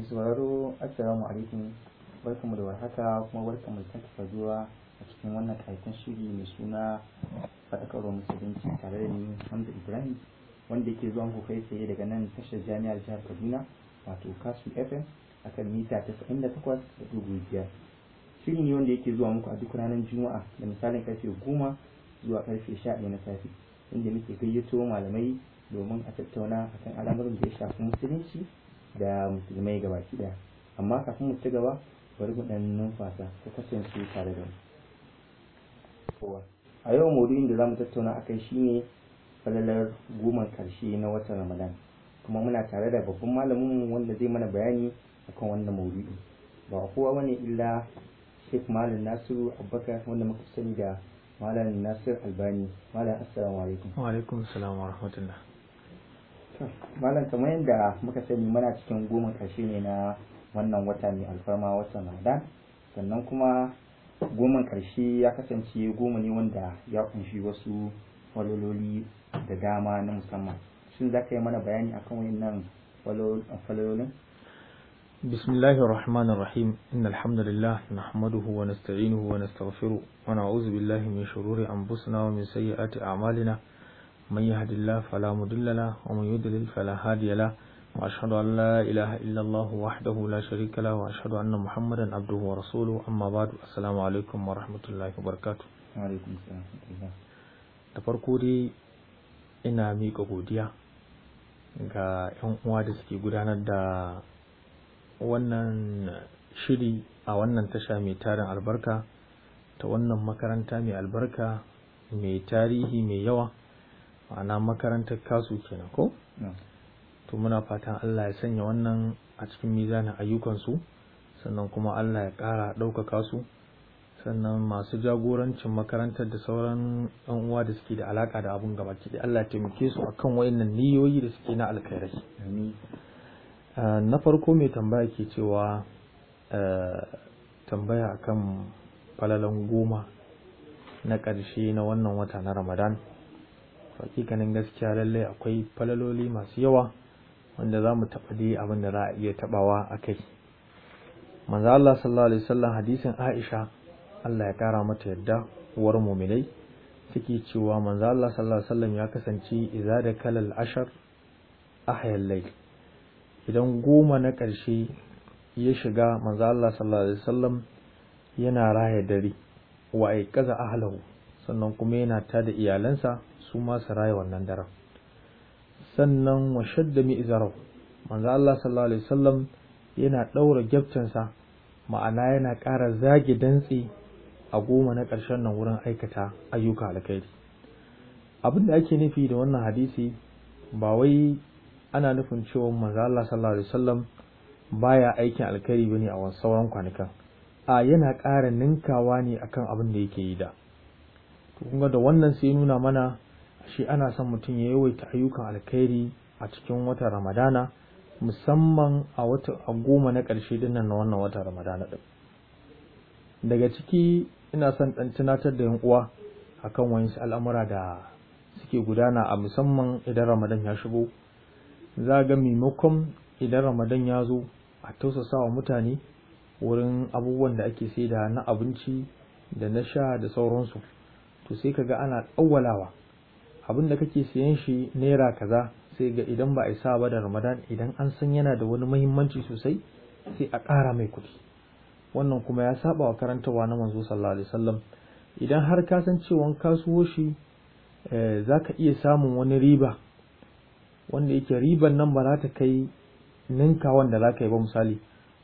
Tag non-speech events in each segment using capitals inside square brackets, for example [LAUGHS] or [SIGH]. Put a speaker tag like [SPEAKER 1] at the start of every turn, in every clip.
[SPEAKER 1] mai sauraro assalamu alaikum barkamu da warhaka kuma barkamu da sake zuwa a cikin wannan karatun shiri mai suna faɗakarwar musulunci tare da ni hamza ibrahim wanda yake zuwa ku kai tsaye daga nan tashar jami'ar jihar kaduna wato kasu fm akan mita tasa'in da takwas da dubu biyar shiri ne wanda yake zuwa muku a duk ranar juma'a da misalin karfe goma zuwa karfe sha ɗaya na safe inda muke gayyato malamai domin a tattauna akan al'amuran da ya shafi musulunci da musulmai ga baki daya amma kafin mu ci gaba bari mu dan numfasa ku kasance tare da mu a yau maudu'in da zamu tattauna akai shine falalar goma karshe na watan Ramadan kuma muna tare da babban malamin wanda zai mana bayani akan wannan maudu'i ba kowa bane illa Sheikh Malam Nasiru Abubakar wanda muka sani da Malam Nasir Albani Malam assalamu alaikum
[SPEAKER 2] wa alaikum assalam wa rahmatullah
[SPEAKER 1] malam kamar yadda muka sani muna cikin goma karshe ne na wannan wata mai alfarma watan ramadan sannan kuma goma ƙarshe ya kasance goma ne wanda ya kunshi wasu falololi da dama na musamman shin za ka yi mana bayani akan wannan falololin
[SPEAKER 2] بسم الله الرحمن الرحيم إن الحمد لله نحمده ونستعينه ونستغفره ونعوذ بالله من شرور أنفسنا ومن سيئات أعمالنا من يهد الله فلا مضل له ومن يضلل فلا هادي له وأشهد أن لا إله إلا الله وحده لا شريك له وأشهد أن محمدا عبده ورسوله أما بعد السلام عليكم ورحمة الله وبركاته وعليكم السلام ورحمة الله da farko dai ina miƙa godiya ga 'yan uwa da suke gudanar da wannan shiri a wannan tasha mai tarin albarka ta wannan makaranta mai albarka mai tarihi mai yawa ma'ana makarantar kasu kenan ko to muna fatan Allah ya sanya wannan a cikin mizanin ayyukansu sannan kuma Allah ya ƙara ɗaukaka su sannan masu jagorancin makarantar da sauran yan uwa da suke da alaƙa da abun gaba ki Allah ya taimake su akan wayannan niyoyi da suke na alkhairai ah, na farko mai tambaya ke cewa eh, tambaya akan falalan goma na ƙarshe na wannan wata na Ramadan hakikanin gaskiya lallai akwai falaloli masu yawa wanda za mu taɓa dai abin da za a iya taɓawa a kai manza Allah sallallahu alaihi wasallam hadisin Aisha Allah ya kara mata yadda uwar mu'minai take cewa manza Allah sallallahu alaihi wasallam ya kasance idza da kalal ashar ahyal layl idan goma na ƙarshe ya shiga manza Allah sallallahu alaihi wasallam yana raye dare wa ai kaza ahlahu sannan kuma yana tada iyalansa su ma su raya wannan daren sannan wa shadda mi'zarahu manzo Allah sallallahu alaihi wasallam yana daura gyaftansa ma'ana yana ƙara zage dantse a goma na ƙarshen nan wurin aikata ayyuka alkhairi abin da ake nufi da wannan hadisi ba wai ana nufin cewa manzo Allah sallallahu alaihi wasallam baya aikin alkhairi bane a wasu sauran kwanakan a yana ƙara ninkawa ne akan abin da yake yi da kun ga da wannan sai nuna mana shi ana son mutum ya yawaita ayyukan alkhairi a cikin watan ramadana musamman a wata a goma na ƙarshe dinnan na wannan watan ramadana din daga ciki ina son ɗan tunatar da yan uwa akan wani al'amura da suke gudana a musamman idan ramadan ya shigo za ga maimakon idan ramadan ya zo a tausasa wa mutane wurin abubuwan da ake saida na abinci da na sha da sauransu to sai ka ga ana tsawwalawa abin da kake siyan shi naira kaza sai ga idan ba a isa ba da ramadan idan an san yana da wani muhimmanci sosai sai a ƙara mai kuɗi wannan kuma ya saba wa karantawa na manzo sallallahu alaihi wasallam idan har ka san cewa kasuwo shi eh, za ka iya samun wani riba wanda yake riban nan ba za ta kai ninka wanda za ka yi ba misali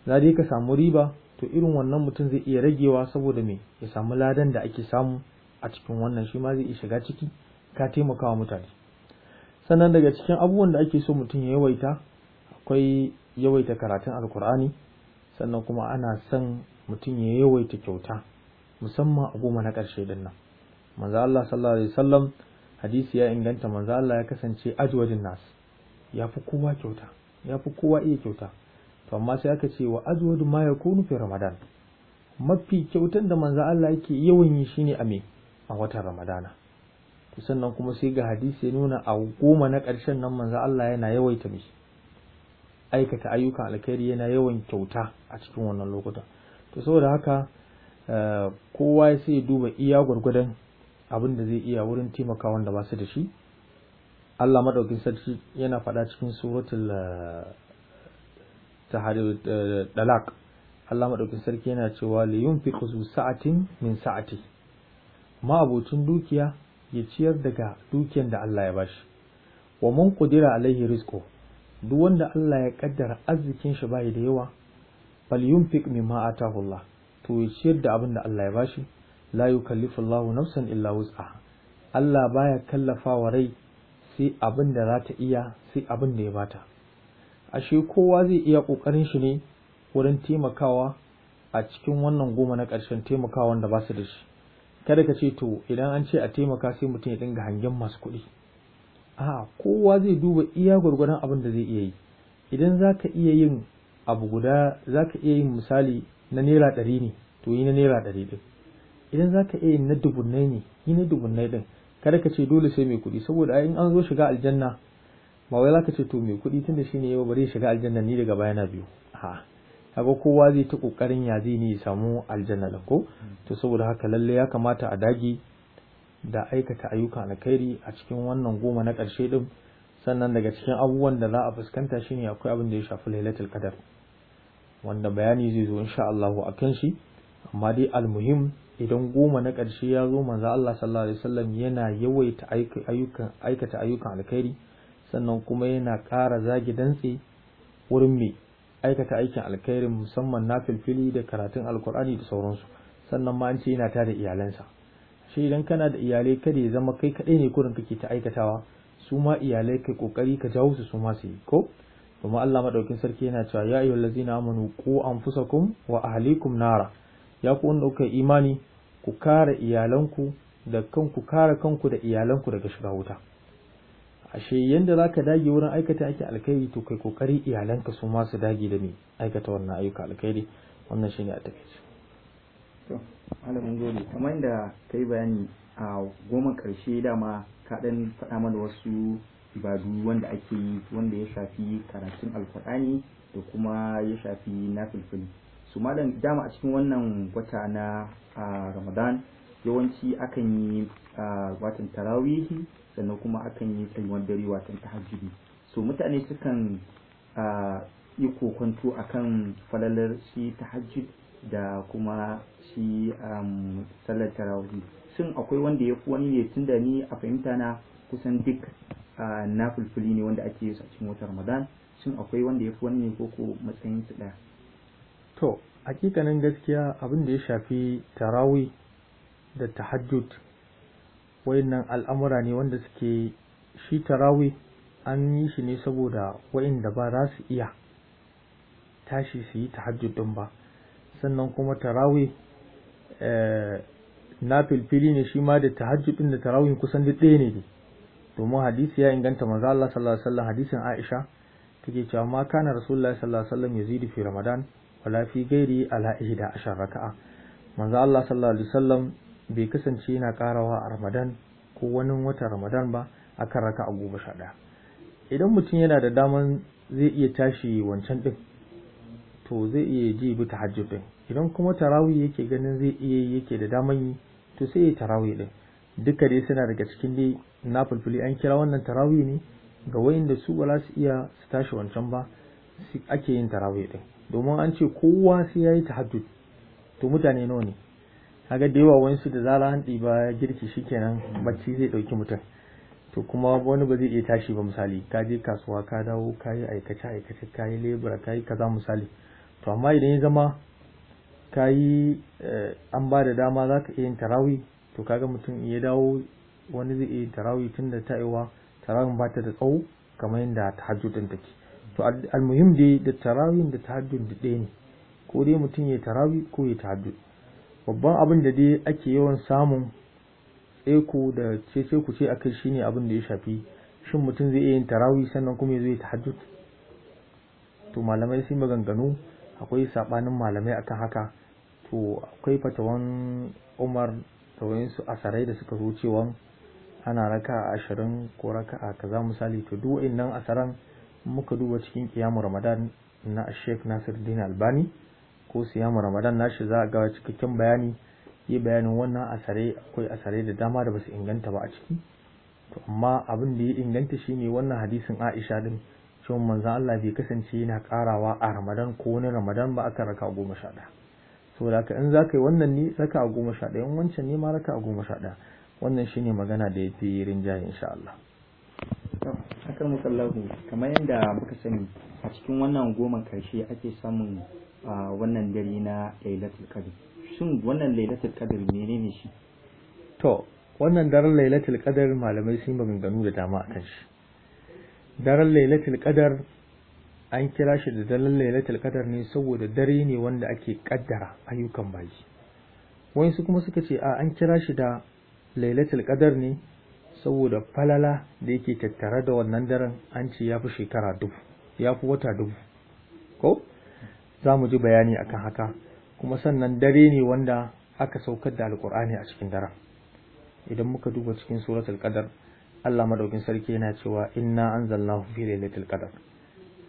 [SPEAKER 2] za dai ka samu riba to irin wannan mutum zai iya ragewa saboda me ya samu ladan da ake samu a cikin wannan shi ma zai iya shiga ciki ka taimaka wa mutane sannan daga cikin abubuwan da ake so mutum ya yawaita akwai yawaita karatun alkur'ani sannan kuma ana son mutum ya yawaita kyauta musamman a goma na ƙarshe din nan manzo Allah sallallahu alaihi wasallam hadisi ya inganta manzo Allah ya kasance ajwadin nas ya fi kowa kyauta ya fi kowa iya kyauta to amma sai aka ce wa ajwadu ma yakunu fi ramadan mafi kyautan da manzo Allah yake yawan yi shine a me a watan ramadana sannan kuma sai ga hadisi ya nuna a goma na ƙarshen nan manzo Allah yana yawaita mishi aikata ayyukan alkhairi yana yawan kyauta a cikin wannan lokuta to saboda haka eh, kowa sai ya duba iya gwargwadon abin da zai iya wurin taimaka wanda ba su da shi Allah madaukin sarki yana faɗa cikin suratul eh, tahrir dalaq eh, Allah madaukin sarki yana cewa li yunfiqu sa'atin min sa'ati ma dukiya ya ciyar daga dukiyar da Allah ya bashi wa man qudira alaihi rizqo duk wanda Allah ya kaddara arzikin shi bai da yawa yunfiq mimma atahu Allah to ya ciyar da abin da Allah ya bashi la yukallifu Allahu nafsan illa wus'aha Allah baya kallafa wa rai sai abin da za ta iya sai abin da ya bata ashe kowa zai iya kokarin shi ne wurin taimakawa a cikin wannan goma na ƙarshen taimakawa wanda ba su da shi kada ka ce to idan an ce a taimaka sai mutum ya dinga hangen masu kuɗi a kowa zai duba iya gwargwadon abin da zai iya yi idan za ka iya yin abu guda za ka iya yin misali na naira ɗari ne to yi na naira ɗari ɗin idan za ka iya yin na dubunnai ne yi na dubunnai ɗin kada ka ce dole sai mai kuɗi saboda in an zo shiga aljanna ba wai za ka ce to mai kuɗi tunda shi ne yau bari shiga aljanna ni daga baya bayana biyu a'a kaga kowa zai ta kokarin ya zai ne ya samu aljanna da ko to saboda haka lalle ya kamata a dage da aikata ayyuka alkhairi a cikin wannan goma na ƙarshe din sannan daga cikin abubuwan da za a fuskanta shine akwai abin da ya shafi lailatul qadar wanda bayani zai zo insha allahu a kan shi amma dai almuhim idan goma na ƙarshe ya zo manzo Allah sallallahu alaihi wasallam yana yawaita ayyukan aikata ayyukan alkhairi sannan kuma yana ƙara zagi dantse wurin mai. aikata aikin alkhairi musamman na filfili da karatun alkur'ani da sauransu sannan ma an ce yana tada iyalansa shi idan kana da iyalai kada ya zama kai kaɗai ne kurin kake ta aikatawa su ma iyalai kai kokari ka jawo su su ma su yi ko kuma Allah madaukin sarki yana cewa ya ayyuhal ladzina amanu qu anfusakum wa ahlikum nara ya ku wanda kuka imani ku kare iyalanku da kanku kare kanku da iyalanku daga shiga wuta ashe yanda zaka dage wurin aikata ake alkhairi to kai kokari iyalanka su ma su dage da ni aikata wannan ayyuka alkhairi wannan shine a takaice
[SPEAKER 1] to malamin gode kamar yadda kai bayani a goma karshe dama ka dan faɗa mana wasu ibadu wanda ake yi wanda ya shafi karatun alkur'ani da kuma ya shafi nafilfili su malam dama a cikin wannan wata na ramadan yawanci akan yi watan tarawihi sannan kuma akan yi tsayuwar dare watan tahajjudi so mutane sukan yi kokonto akan falalar shi tahajjud da kuma shi sallar tarawihi shin akwai wanda ya fi wani ne tunda ni a fahimta na kusan duk na fulfuli ne wanda ake yi a cikin watan ramadan shin akwai wanda ya fi wani ne koko matsayin
[SPEAKER 2] su ɗaya to hakikanin gaskiya abin da ya shafi tarawi da tahajjud wayannan al'amura ne wanda suke shi tarawih an yi shi ne saboda wayanda ba za su iya tashi su yi tahajjud din ba sannan kuma tarawih eh, na filfili ne shi ma da tahajjud din da tarawih kusan duk ɗaya ne domin hadisi ya inganta manzo Allah sallallahu alaihi wasallam hadisin Aisha take cewa ma kana rasulullahi sallallahu alaihi wasallam yazidu fi ramadan wala fi ghairi ala ihda ashar raka'a manzo Allah sallallahu alaihi wasallam bai kasance yana karawa a ramadan ko wani watan ramadan ba akan raka a goma sha ɗaya idan mutum yana da daman zai iya tashi wancan ɗin to zai iya ji bi ta ɗin idan kuma tarawi yake ganin zai iya yi yake da daman yi to sai ya tarawi ɗin duka dai suna daga cikin dai na fulfuli an kira wannan tarawi ne ga wayanda su ba su iya su tashi wancan ba ake yin tarawi ɗin domin an ce kowa sai ya yi tahajjud to mutane nawa ne kaga da yawa wani da zara an ɗiba girki shikenan bacci zai ɗauki mutum to kuma wani ba zai iya tashi ba misali ka je kasuwa ka dawo ka yi aikace aikace ka yi lebura ka yi kaza misali to amma idan ya zama ka yi eh, an ba da dama za ka iya yin tarawi to kaga mutum ya dawo wani zai iya tarawi tun da ta'iwa tarawin ba ta da tsawo kamar yadda tahajjud ɗin take to almuhim dai da tarawin da tahajjud ɗaya ne ko dai mutum ya tarawi ko ya tahajjud babban abin da dai ake yawan samun eko da cece kuce akai shine abin da ya shafi shin mutum zai iya yin tarawi sannan kuma ya zo ya tahajjud to malamai sun maganganu akwai sabanin malamai akan haka to akwai fatawan Umar da wayansu asarai da suka zo cewa ana raka ashirin ko raka a kaza misali to duk wayannan asaran muka duba cikin kiyamu Ramadan na Sheikh Nasiruddin Albani ko siyamu ramadan nashi za a ga cikakken bayani yi bayanin wannan asare akwai asare da dama da basu inganta ba a ciki to amma abin da ya inganta shine wannan hadisin Aisha din cewa manzon Allah bai kasance yana karawa a Ramadan ko wani Ramadan ba aka raka goma sha ɗaya saboda haka in za ka yi wannan ne raka goma sha ɗaya in wancan ne ma raka goma sha ɗaya wannan shine magana da ya yafi rinjaye insha Allah
[SPEAKER 1] akan kamar yadda muka sani a cikin wannan goma karshe ake samun wannan dare na lailatul qadr shin wannan lailatul qadr
[SPEAKER 2] menene shi to wannan daren lailatul qadr malamai sun maganganu da dama akan shi daren lailatul qadr an kira shi da daren lailatul qadr ne saboda dare ne wanda ake kaddara ayyukan bayi su kuma suka ce a an kira shi da lailatul qadr ne saboda falala da yake tattare da wannan daren an ce ya fi shekara dubu ya fi wata dubu ko za mu ji bayani akan haka kuma sannan dare ne wanda aka saukar da alkur'ani a cikin daren idan muka duba cikin suratul qadar Allah madaukin sarki yana cewa inna anzalnahu fi lailatul qadar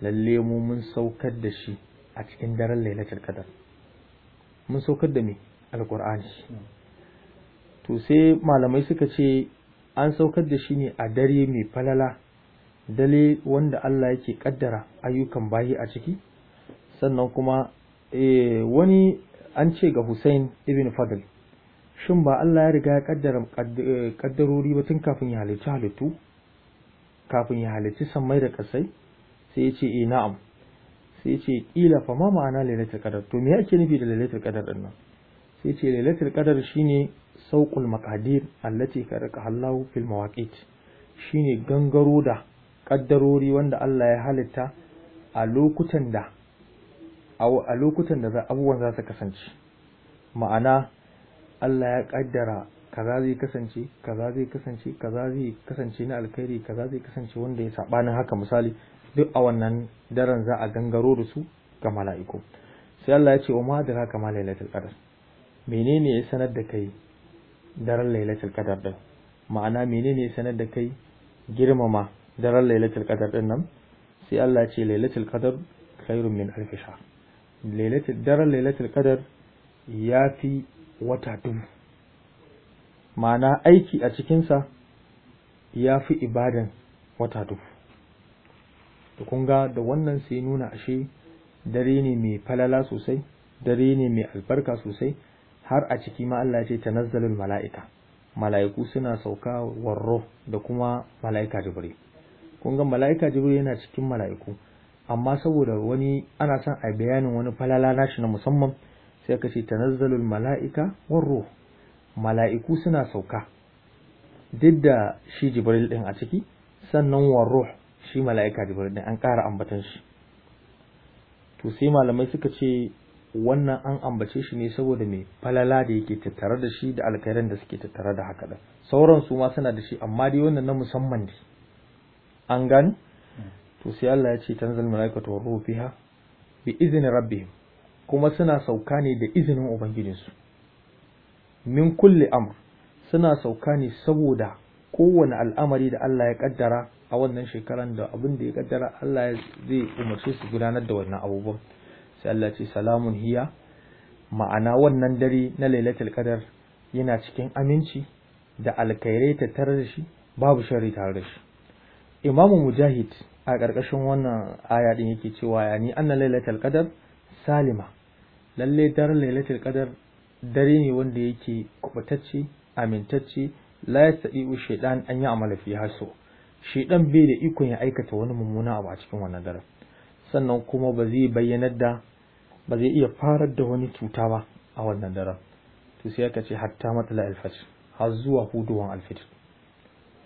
[SPEAKER 2] lalle mu mun saukar da shi a cikin daren lailatul qadar mun saukar da me alkur'ani to sai malamai suka ce an saukar da shi ne a dare mai falala Dale wanda Allah yake kaddara ayyukan bayi a ciki sannan kuma eh, wani an ce ga Hussein ibn Fadl shin ba Allah ya riga ya kaddara eh, kaddarori ba tun kafin ya halicci halittu kafin ya halicci sammai da kasai sai ya ce eh na'am sai ya ce kila fa ma ma'ana lailatul qadar to me yake nufi da lailatul qadar din nan sai ce lailatul qadar shine sauqul maqadir allati karaka Allahu fil mawaqit shine gangaro da kaddarori wanda Allah ya halitta a lokutan da a lokutan da abubuwan za su kasance ma'ana Allah ya kaddara kaza zai kasance kaza zai kasance kaza zai kasance na alkhairi kaza zai kasance wanda ya sabanin haka misali duk a wannan daren za a gangaro da su ga mala'iku sai Allah ya ce wa madara kama lailatul qadar menene ya sanar da kai daren lailatul qadar din ma'ana menene ya sanar da kai girmama daren lailatul qadar din nan sai Allah ya ce lailatul qadar khairun min alf shahr daren lailatul qadar ya fi wata dubu ma'ana aiki a cikinsa ya fi ibadan wata dubu da ga da wannan sai nuna ashe dare ne mai falala sosai dare ne mai albarka sosai har a ciki ma Allah ce tanazzalul mala'ika mala'iku suna sauka warro da kuma mala'ika jibril kun mala'ika jibril yana cikin mala'iku amma saboda wani ana son a bayanin wani falala nashi na musamman sai ka ce tanazzalul mala'ika war ruh mala'iku suna sauka duk da shi jibril din a ciki sannan war ruh shi mala'ika jibril din an ƙara ambatan shi to sai malamai suka ce wannan an ambace shi ne saboda mai falala da yake tattare da shi da alkhairan da suke tattare da haka da sauran su ma suna da shi amma dai wannan na musamman ne an gani to sai Allah ya ce tanzil malaikatu wa ruhu fiha bi izni rabbihim kuma suna sauka ne da izinin ubangijinsu min kulli amr suna sauka ne saboda kowane al'amari da Allah ya kaddara a wannan shekaran da abin da ya kaddara Allah zai umarce su gudanar da wannan abubuwan sai Allah ce salamun hiya ma'ana wannan dare na lailatul qadar yana cikin aminci da alkhairai tattare da shi babu sharri tare da shi imamu mujahid a ƙarƙashin wannan aya ɗin yake cewa ya ni anna lailatul qadar salima lalle dare lailatul qadar dare ne wanda yake kubutacce amintacce la yastati'u shaytan an amala fi haso shaytan bai da ikon ya aikata wani mummuna abu a cikin wannan daren sannan kuma ba zai bayyanar da ba zai iya farar da wani cuta ba a wannan daren to sai aka ce hatta matla al-fajr har zuwa huduwan al fajr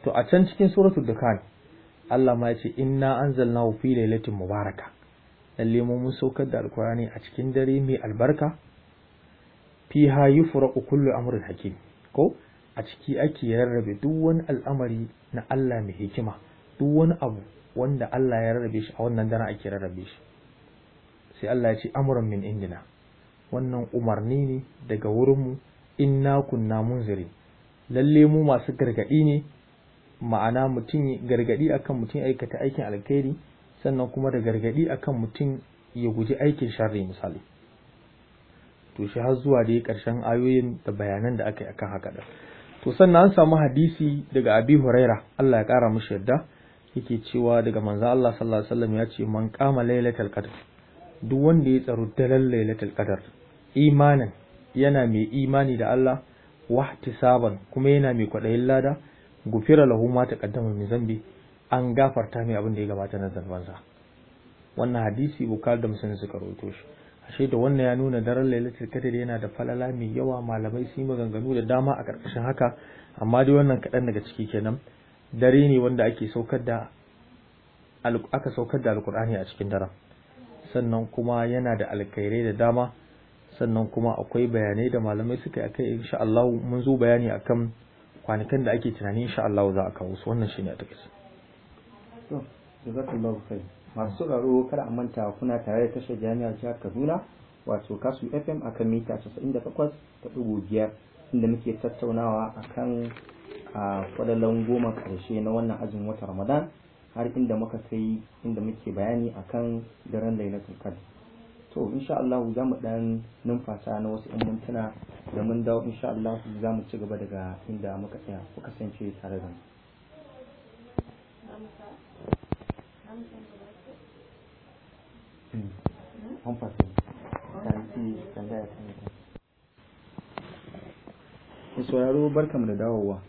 [SPEAKER 2] to a can cikin suratul dukan Allah ma ce inna anzalnahu fi lailatin mubaraka lalle mu mun saukar da alkurani a cikin dare mai albarka fiha yufraqu kullu amrin hakim ko a ciki ake rarrabe duk wani al'amari na Allah mai hikima duk wani abu wanda Allah ya rarrabe shi a wannan dare ake rarrabe shi sai Allah ya ce amrun min indina wannan umarni ne daga wurinmu inna kunna munzirin lalle mu masu gargadi ne ma'ana mutum gargadi akan mutum aikata aikin alkhairi sannan kuma da gargadi akan mutum ya guji aikin sharri misali to shi har zuwa dai karshen ayoyin da bayanan da aka yi akan haka da to sannan an samu hadisi daga Abi Huraira Allah ya kara mishi yadda yake cewa daga manzo Allah sallallahu alaihi wasallam ya ce man qama lailatul qadr duk wanda ya tsaro daren lailatul qadr imanin yana mai imani da Allah wahtisaban kuma yana mai kwadayin lada gufira lahu ma taqaddama min zambi an gafarta mai abin da ya gabata na zanbansa wannan hadisi bukari da muslim suka rawaito shi ashe da wannan ya nuna daren lailatul qadr yana da falala mai yawa malamai su yi maganganu da dama a karkashin haka amma dai wannan kaɗan daga ciki kenan dare ne wanda ake saukar da aka saukar da alkur'ani a cikin daren sannan kuma yana da alkairai da dama sannan kuma akwai bayanai da malamai suka yi akai insha Allah mun zo bayani akan kwanakan da ake tunanin insha Allah za a kawo su wannan shi ne a takaice
[SPEAKER 1] to jazakallahu khair masu sauraro kada a manta kuna tare da tashar jami'ar jihar Kaduna wato kasu FM akan mita biyar inda muke tattaunawa akan a kwadalan goma karshe na wannan ajin watan Ramadan har inda muka kai inda muke bayani akan daren Lailatul Qadr to insha Allah za mu dan numfasa na wasu yan mintuna da mun dawo insha Allah za mu ci gaba daga inda muka tsaya ku kasance tare da mu Ku hmm. sauraro mu da dawowa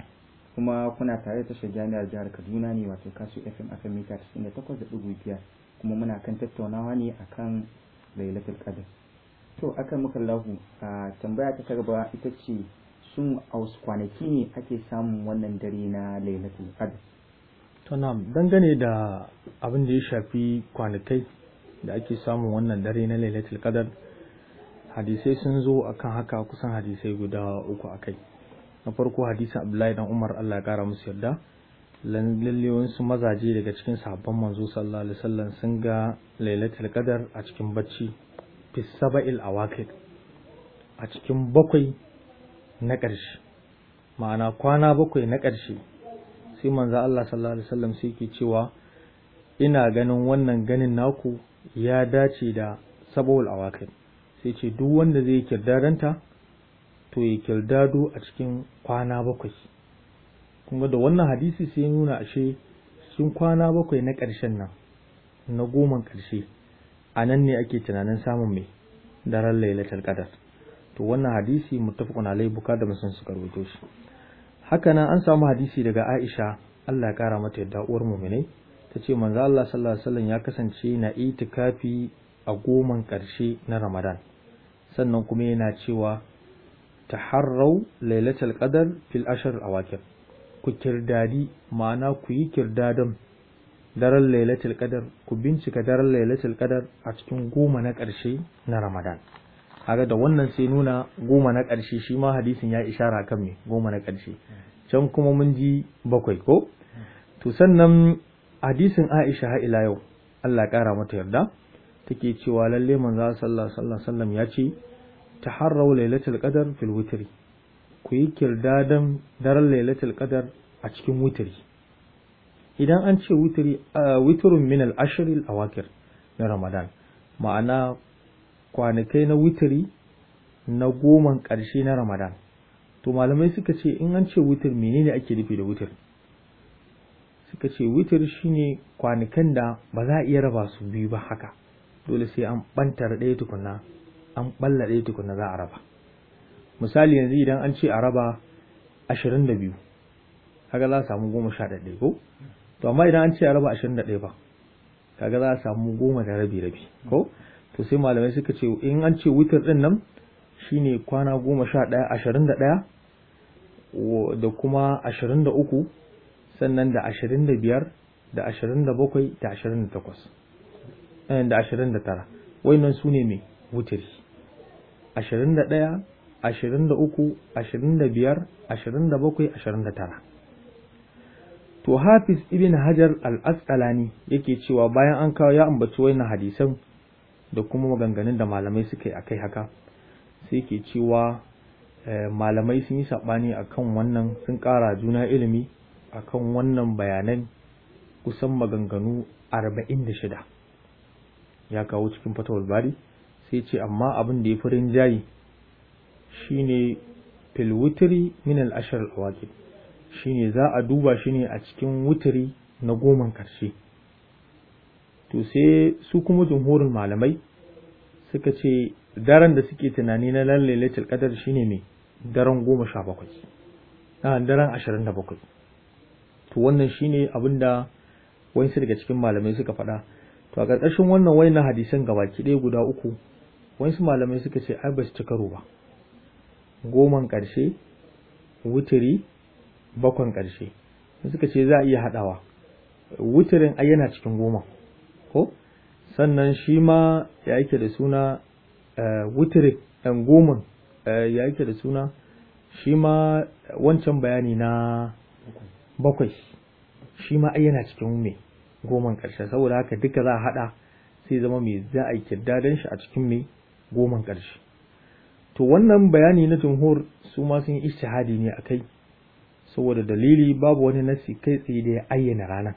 [SPEAKER 1] kuma kuna tare da tashar jami'ar jihar Kaduna ne wato kasu FM akan mita 98.5 kuma muna kan tattaunawa ne akan lailatul qadar to akan muka lahu a tambaya ta gaba ita ce sun
[SPEAKER 2] a wasu kwanaki ne ake samun wannan dare na lailatul qadar to na dangane da abin da ya shafi kwanakai da ake samun wannan dare na lailatul qadar hadisai sun zo akan haka kusan hadisai guda uku akai na farko hadisin abdullahi dan umar Allah ya kara musu yarda lalliyoyin su mazaje daga cikin sabon manzo sallallahu alaihi wasallam sun ga lailatul qadar a cikin bacci fi saba'il awaqit a cikin bakwai na ƙarshe ma'ana kwana bakwai na ƙarshe sai manzo Allah sallallahu alaihi wasallam sai ke cewa ina ganin wannan ganin naku ya dace da sab'ul awaqit sai ce duk wanda zai kirdaranta to ya kirdado a cikin kwana bakwai ga da wannan hadisi sai nuna ashe sun kwana bakwai na ƙarshen nan na goma ƙarshe a nan ne ake tunanin samun mai daren lailatul qadar to wannan hadisi muttafaqun alai buka da musun suka rubuto shi haka nan an samu hadisi daga Aisha Allah ya kara mata yadda uwar mu'minai ce, manzo Allah sallallahu alaihi wasallam ya kasance na itikafi a goman ƙarshe na Ramadan sannan kuma yana cewa taharrau lailatul qadar fil ashr awakir ku kirdadi ma'ana ku yi don daren lailatul qadar ku bincika daren lailatul qadar a cikin goma na ƙarshe na ramadan kaga da wannan sai nuna goma na ƙarshe shi ma hadisin ya ishara kan me goma na ƙarshe can kuma mun ji bakwai ko to sannan hadisin Aisha ha ila yau Allah ƙara mata yarda take cewa lalle manzo sallallahu alaihi wasallam ya ce taharraw lailatul qadar fil witri ku yi kirdadan daren lailatul qadar a cikin wutiri idan an ce witiri eh, witrun min al-ashr al-awakir na ramadan ma'ana kwanakai na wutiri na goman ƙarshe na ramadan to malamai suka ce in an ce witir menene ake nufi da witir suka ce witir shine kwanakan da ba za a iya raba su biyu ba haka dole sai an bantar ɗaya tukuna, an ɓalla ɗaya tukunna za a raba misali yanzu idan an ce a raba ashirin da biyu haka za a samu goma sha ɗaya ko to amma idan an ce a raba ashirin da ɗaya ba kaga za a samu goma da rabi rabi ko to sai malamai suka ce in an ce witir ɗin nan shi ne kwana goma sha ɗaya ashirin da ɗaya da kuma ashirin da uku sannan da ashirin da biyar da ashirin da bakwai da ashirin da takwas eh, da ashirin da tara Wai nan su ne mai wutiri ashirin da ɗaya bakwai, ashirin da tara. To Hafiz ibn Hajar al-Asqalani yake cewa bayan an kawo ya ambaci wayannan hadisan da kuma maganganun da malamai suka yi kai haka sai ke cewa eh, malamai sun yi saɓani kan wannan sun ƙara juna ilimi a kan wannan bayanan kusan maganganu arba'in 46 ya kawo cikin fatawar bari sai ce amma abin da ya fi rinjayi Shi ne filwitiri min al ashr shi ne za a duba shi ne a cikin wutiri na goman karshe to sai su kuma jumhurin malamai suka ce daren da suke tunani na lalle lailatul shi shine mai daren goma sha bakwai a daren ashirin da bakwai to wannan ne abin da wasu daga cikin malamai suka faɗa to a ƙarƙashin wannan wani na hadisan gabaki ɗaya guda uku wasu malamai suka ce ai ba su ci karo ba goman ƙarshe wuturi bakon ƙarshe suka ce za a iya haɗawa Wuturin ai yana cikin goma ko sannan shi ma ya yake da suna eh, wuturin ɗan eh, goman eh, ya yake da suna shi ma wancan bayani na bakwai shi ma ai yana cikin me goman ƙarshe saboda haka duka za a haɗa sai zama mai za a yi kirdadan shi a cikin mai goman ƙarshe to wannan bayani na jumhur su ma sun yi ishtihadi ne akai saboda dalili babu wani nasi kai tsaye da ya ayyana ranar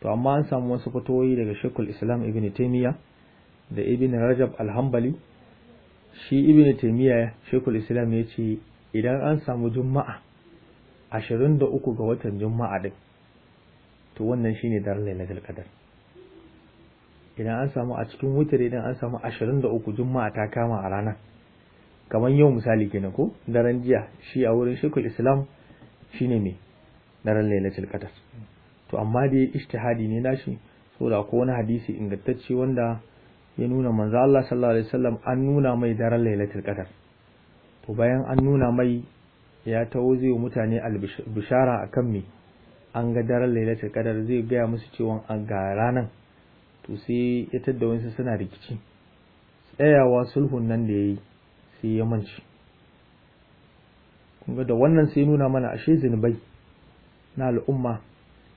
[SPEAKER 2] to amma an samu wasu fatoyi daga shekul islam ibn taimiyya da ibn rajab alhambali shi ibn taimiyya shekul islam ya ce idan an samu juma'a ashirin da uku ga watan juma'a din to wannan shine daren lailatul qadar idan an samu a cikin wutar idan an samu ashirin da uku juma'a ta kama a ranar kamar yau misali kenan ko daren jiya shi a wurin shekul islam shine mai daren lailatul qadar to amma dai ijtihadi ne nashi saboda ko wani hadisi ingantacce wanda ya nuna manzo Allah sallallahu alaihi wasallam an nuna mai daren lailatul qadar to bayan an nuna mai ya tawo zai mutane albishara akan me an ga daren lailatul qadar zai gaya musu cewa an ga ranan to sai ya tadda wani suna rikici tsayawa sulhun nan da yayi sai ya manci kunga da wannan sai nuna mana ashe zinubai na al'umma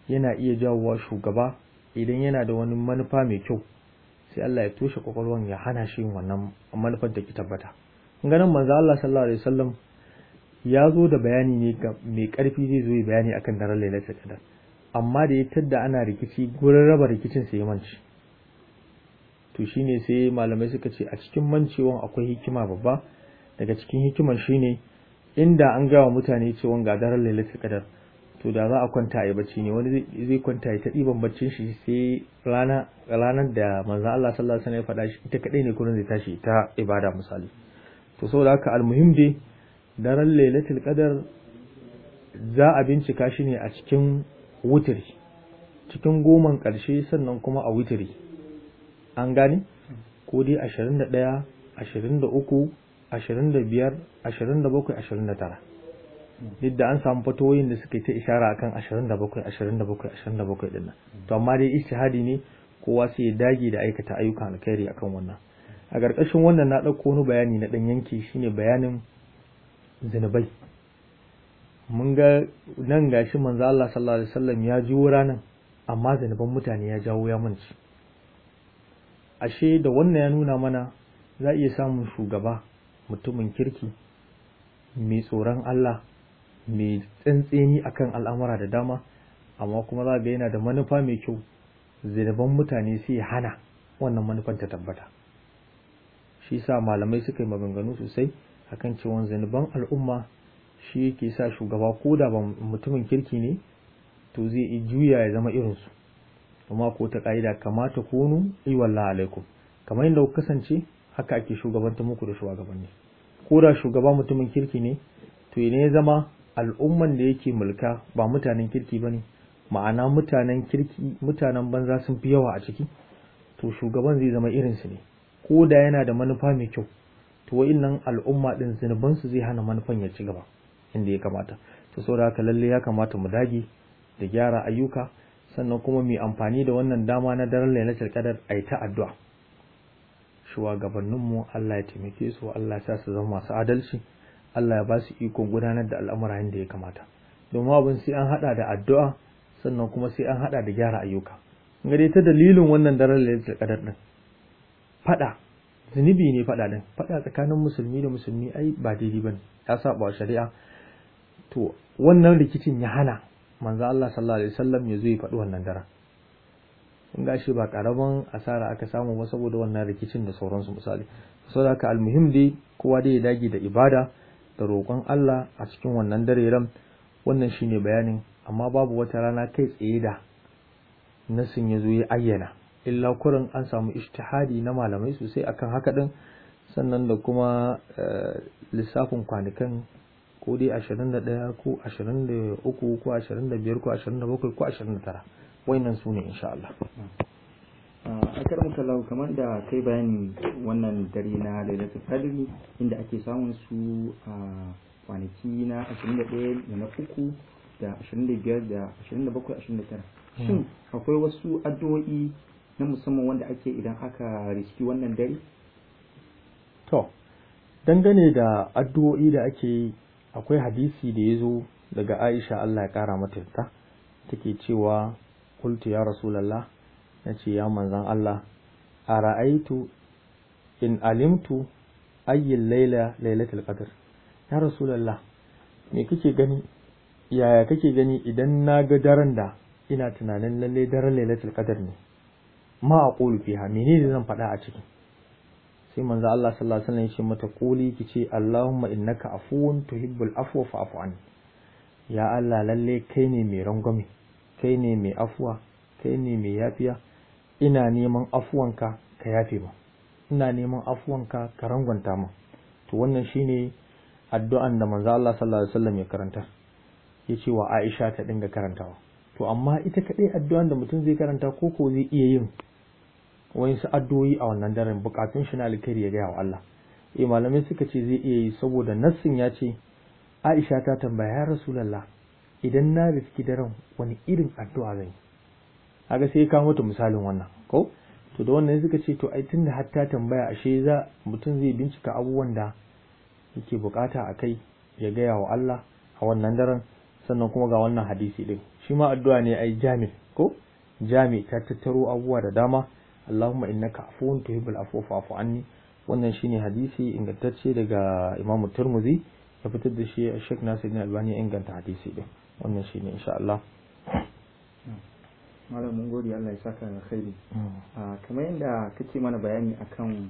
[SPEAKER 2] yana iya jawowa shugaba idan yana da wani manufa mai kyau sai Allah ya toshe kwakwalwan ya hana shi wannan manufar da ke tabbata ganin manzo Allah sallallahu alaihi wasallam ya zo da bayani ne mai karfi zai zo yi bayani akan daren lailatul qadar amma da ya tadda ana rikici gurin raba rikicin sai manci to shine sai malamai suka ce a cikin mancewan akwai hikima babba daga cikin hikimar shine inda an gawa mutane cewa ga daren lailatul kadar to da za a kwanta yi bacci ne wani zai kwanta ya ta ɗiban shi sai rana ranar da manzon Allah sallallahu alaihi wasallam ya faɗa shi ita kadai ne kurin zai tashi ta ibada misali to saboda haka almuhim dai daren lailatul qadar za a bincika shi ne a cikin wutiri cikin goman karshe sannan kuma a wutiri an gane ko dai ashirin da ɗaya ashirin da uku duk da an samu fatoyin da suke ta ishara akan 27 27 27 to amma dai ijtihadi ne kowa sai ya dage da aikata ayyuka alkhairi akan wannan a ƙarƙashin wannan na ɗauko wani bayani na ɗan yanki shine bayanin zinubai mun ga nan gashi manzo Allah sallallahu alaihi wasallam ya jiwo ranan amma zinuban mutane ya jawo ya manci ashe da wannan ya nuna mana za iya samun shugaba mutumin kirki mai tsoron Allah mai tsantseni akan al'amura da dama amma kuma za ga yana da manufa mai kyau zinuban mutane sai ya hana wannan manufan ta tabbata shi sa malamai suka yi maganganu sosai akan cewa zinuban al'umma shi yake sa shugaba ko da ba mutumin kirki ne to zai yi juya ya zama irinsu amma ko ta ƙa'ida kamata kunu iwallah alaikum kamar yadda kasance haka ake shugabantar muku da shugabanni ko da shugaba mutumin kirki ne to ne ya zama al'umman da yake mulka ba mutanen kirki ba ne ma'ana mutanen kirki mutanen banza sun fi yawa a ciki to shugaban zai zama irinsu ne ko da yana da manufa mai kyau to wa'innan al'umma din zunubansu zai hana manufan ya ci gaba inda ya kamata to saboda haka lalle ya kamata mu dage da gyara ayyuka sannan kuma mai amfani da wannan dama na daren lailatul a yi ta addu'a shugabanninmu Allah ya taimake su Allah ya sa su zama masu adalci Allah ya ba su ikon gudanar da al'amura yadda ya kamata domin abin sai an hada da addu'a sannan kuma sai an hada da gyara ayyuka ga ta dalilin wannan daren lailatul kadar din fada zunubi ne fada din fada tsakanin musulmi da musulmi ai ba daidai bane ya saba wa shari'a to wannan rikicin ya hana manzo Allah sallallahu alaihi wasallam ya zo ya faɗi wannan daren in ga shi ba karaman asara aka samu ba saboda wannan rikicin da sauransu misali saboda ka almuhim dai kowa dai ya dage da ibada da roƙon Allah a cikin wannan dare ran wannan shine bayanin amma babu wata rana kai tsaye da nasin ya zo ya ayyana illa kurin an samu ijtihadi na malamai sosai akan haka din sannan da kuma eh, lissafin kwanakan ko dai 21 ko 23 ko 25 ko 27 ko 29 wainan su ne insha Allah
[SPEAKER 1] a karɓar lau kamar da kai bayani wannan dare na lailatul qadri inda ake samun su a kwanaki na 21 da na uku da 25 da 27 29 hmm. shin akwai wasu addu'o'i na musamman wanda ake idan aka riski wannan dare
[SPEAKER 2] to dangane da addu'o'i da ake yi akwai hadisi da ya zo daga Aisha Allah ya kara mata ta take cewa kultu ya na ce ya manzan Allah a ra'aitu in alimtu ayyin laila lailatul qadr ya rasulallah me kake gani yaya kake gani idan na ga daren da ina tunanin lalle daren lailatul qadr ne ma aqulu fiha menene zan faɗa a ciki sai manzo Allah sallallahu alaihi wasallam ya ce mata quli kice Allahumma innaka afuwun tuhibbul afwa fa'fu anni ya Allah lalle kai ne mai rangwame kai ne mai afuwa kai ne mai yafiya ina neman afuwanka ka yafe min ina neman afuwanka ka rangwanta mu to wannan shine addu'an da manzo Allah sallallahu alaihi wasallam ya karanta yace wa Aisha ta dinga karantawa to amma ita kadai addu'an da mutum zai karanta ko ko zai iya yin wayansu addu'o'i a wannan daren bukatun shi na alkhairi ya gaya wa Allah eh malamai suka ce zai iya yi saboda nassin ya ce Aisha ta tambaya ya Rasulullah idan na riski daren wani irin addu'a zai yi kaga sai ka mutu misalin wannan ko to da wannan suka ce to ai tunda hatta tambaya ashe za mutum zai bincika abubuwan da yake bukata a kai ya gaya wa Allah a wannan daren sannan kuma ga wannan hadisi din shi ma addu'a ne ai jami ko jami ta tattaro abubuwa da dama Allahumma innaka afuwun tuhibbul afwa fa'fu anni wannan shine hadisi ingantacce daga Imam Tirmidhi ya fitar da shi Sheikh Nasir Albani ya inganta hadisi din wannan shi ne insha Allah
[SPEAKER 1] hmm. malam mun gode Allah ya saka alkhairi hmm. ah, kamar yadda kake mana bayani akan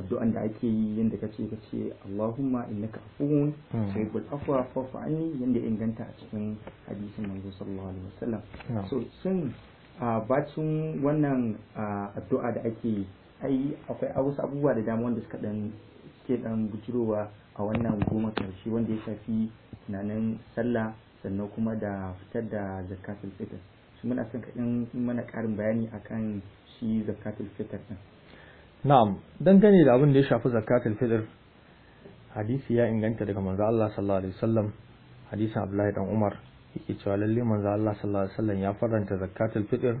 [SPEAKER 1] addu'an da ake yi yadda kace ce Allahumma innaka afuwun hmm. tuhibbul afwa fa'fu anni yadda inganta a cikin hadisin manzo sallallahu alaihi wasallam so shin ah, bacin wannan ah, addu'a da ake ai akwai wasu abubuwa da dama wanda suka dan ke ɗan bujirowa a wannan goma karshe wanda ya shafi tunanin sallah sannan kuma da fitar da zakatul fitr shi muna son kaɗan mana ƙarin bayani akan shi zakatul fitr ɗin
[SPEAKER 2] na'am dangane da abin da ya shafi zakatul fitr hadisi ya inganta daga manzo Allah sallallahu alaihi wasallam hadisin Abdullahi dan Umar yake cewa lalle manzo Allah sallallahu alaihi wasallam ya faranta zakatul fitr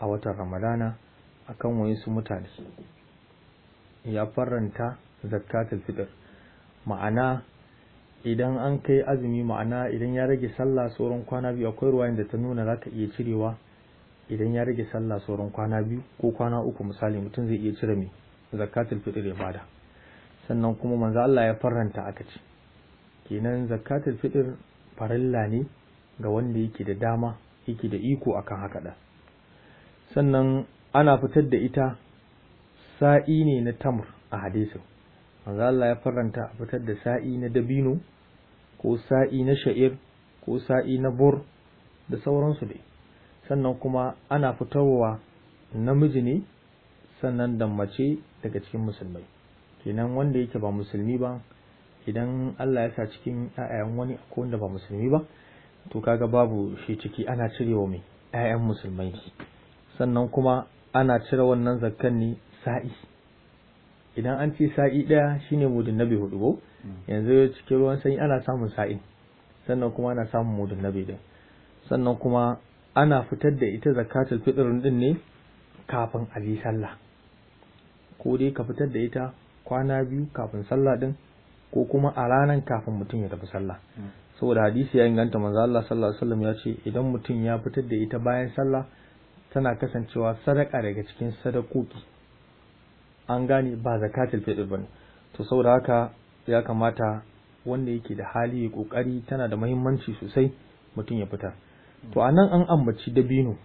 [SPEAKER 2] a watan Ramadana akan wayansu mutane ya faranta zakatul fitr ma'ana idan an kai azumi ma'ana idan ya rage sallah sauran kwana biyu akwai ruwayan da ta nuna za ka iya cirewa idan ya rage sallah sauran kwana biyu ko kwana uku misali mutum zai iya cire mai zakatul fitr ya bada sannan kuma manzo Allah ya faranta aka ce kenan zakatul fitr faralla ne ga wanda yake da dama yake da iko akan haka da sannan ana fitar da ita sa'i ne na tamr a hadisin manzo Allah ya faranta a fitar da sa'i na dabino ko sa'i na sha'ir ko sa'i na bur da sauransu dai sannan kuma ana fitarwa namiji ne sannan da mace daga cikin musulmai kenan wanda yake ba musulmi ba idan Allah ya sa cikin ƴaƴan wani ko wanda ba musulmi ba to kaga babu shi ciki ana cirewa mai ƴaƴan musulmai sannan kuma ana cire wannan zakkan ne sa'i idan an ce sa'i ɗaya shine mudin nabi hudu yanzu cikin ruwan sanyi ana samun sa'in sannan kuma ana samun mudun nabi din sannan kuma ana fitar da ita zakatul fitr din ne kafin a yi sallah ko dai ka fitar da ita kwana biyu kafin sallah din ko kuma a ranar kafin mutum ya tafi sallah hmm. saboda hadisi ya inganta manzo Allah sallallahu alaihi wasallam ya ce idan mutum ya fitar da ita bayan sallah tana kasancewa sadaka daga cikin sadakoki an gane ba zakatul fitr bane to saboda haka ya kamata wanda yake da hali ya kokari tana da mahimmanci sosai mutum ya fita to a nan an ambaci dabino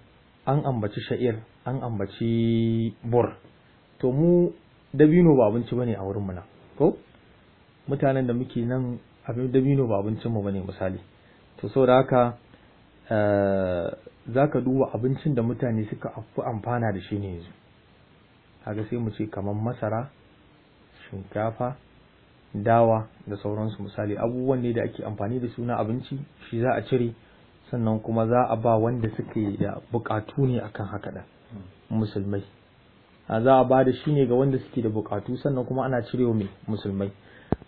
[SPEAKER 2] an ambaci sha'ir an ambaci bor to mu dabino ba abinci bane a wurin mu na ko mutanen da muke nan abin dabino ba abincin mu bane misali to saboda haka eh, za ka duba abincin da mutane suka fi amfana da shi ne yanzu kaga sai mu ce kamar masara shinkafa dawa da sauransu misali abubuwan ne da ake amfani da su na abinci shi za a cire sannan kuma za a ba wanda suke da bukatu ne akan haka da musulmai za a ba da shi ne ga wanda suke da bukatu sannan kuma ana cire mai musulmai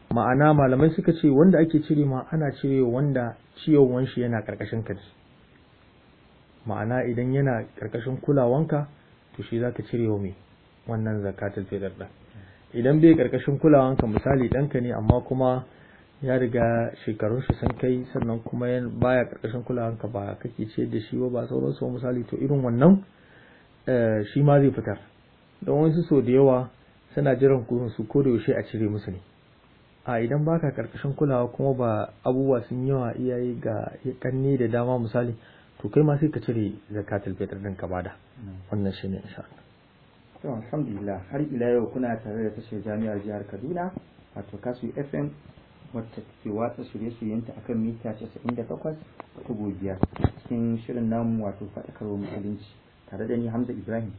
[SPEAKER 2] ma'ana malamai suka ce wanda ake cire ma ana cire wanda ciwon shi yana karkashin ka ma'ana idan yana karkashin kulawanka to shi za zaka cirewa mai wannan zakatul fitr din idan bai karkashin kulawan ka misali ɗanka ne amma kuma ya riga shekarun shi sun kai sannan kuma baya karkashin kulawan ka ba kake ce da shi ba sauransu misali to irin wannan eh, shi ma zai fitar don wasu so da yawa suna jiran kuɗin su ko da yaushe a cire musu ne a idan baka karkashin kulawa kuma ba abubuwa sun yawa iyaye ga kanne da dama misali to kai ma sai ka cire zakatul fitr din ka bada hmm. wannan shine insha Allah
[SPEAKER 1] to alhamdulillah har ila yau kuna tare
[SPEAKER 2] da tashar jami'ar
[SPEAKER 1] jihar kaduna wato kasu fm wacce ke watsa shirye-shiryenta akan mita 98.5 cikin shirin namu wato faɗakarwar musulunci tare da ni hamza ibrahim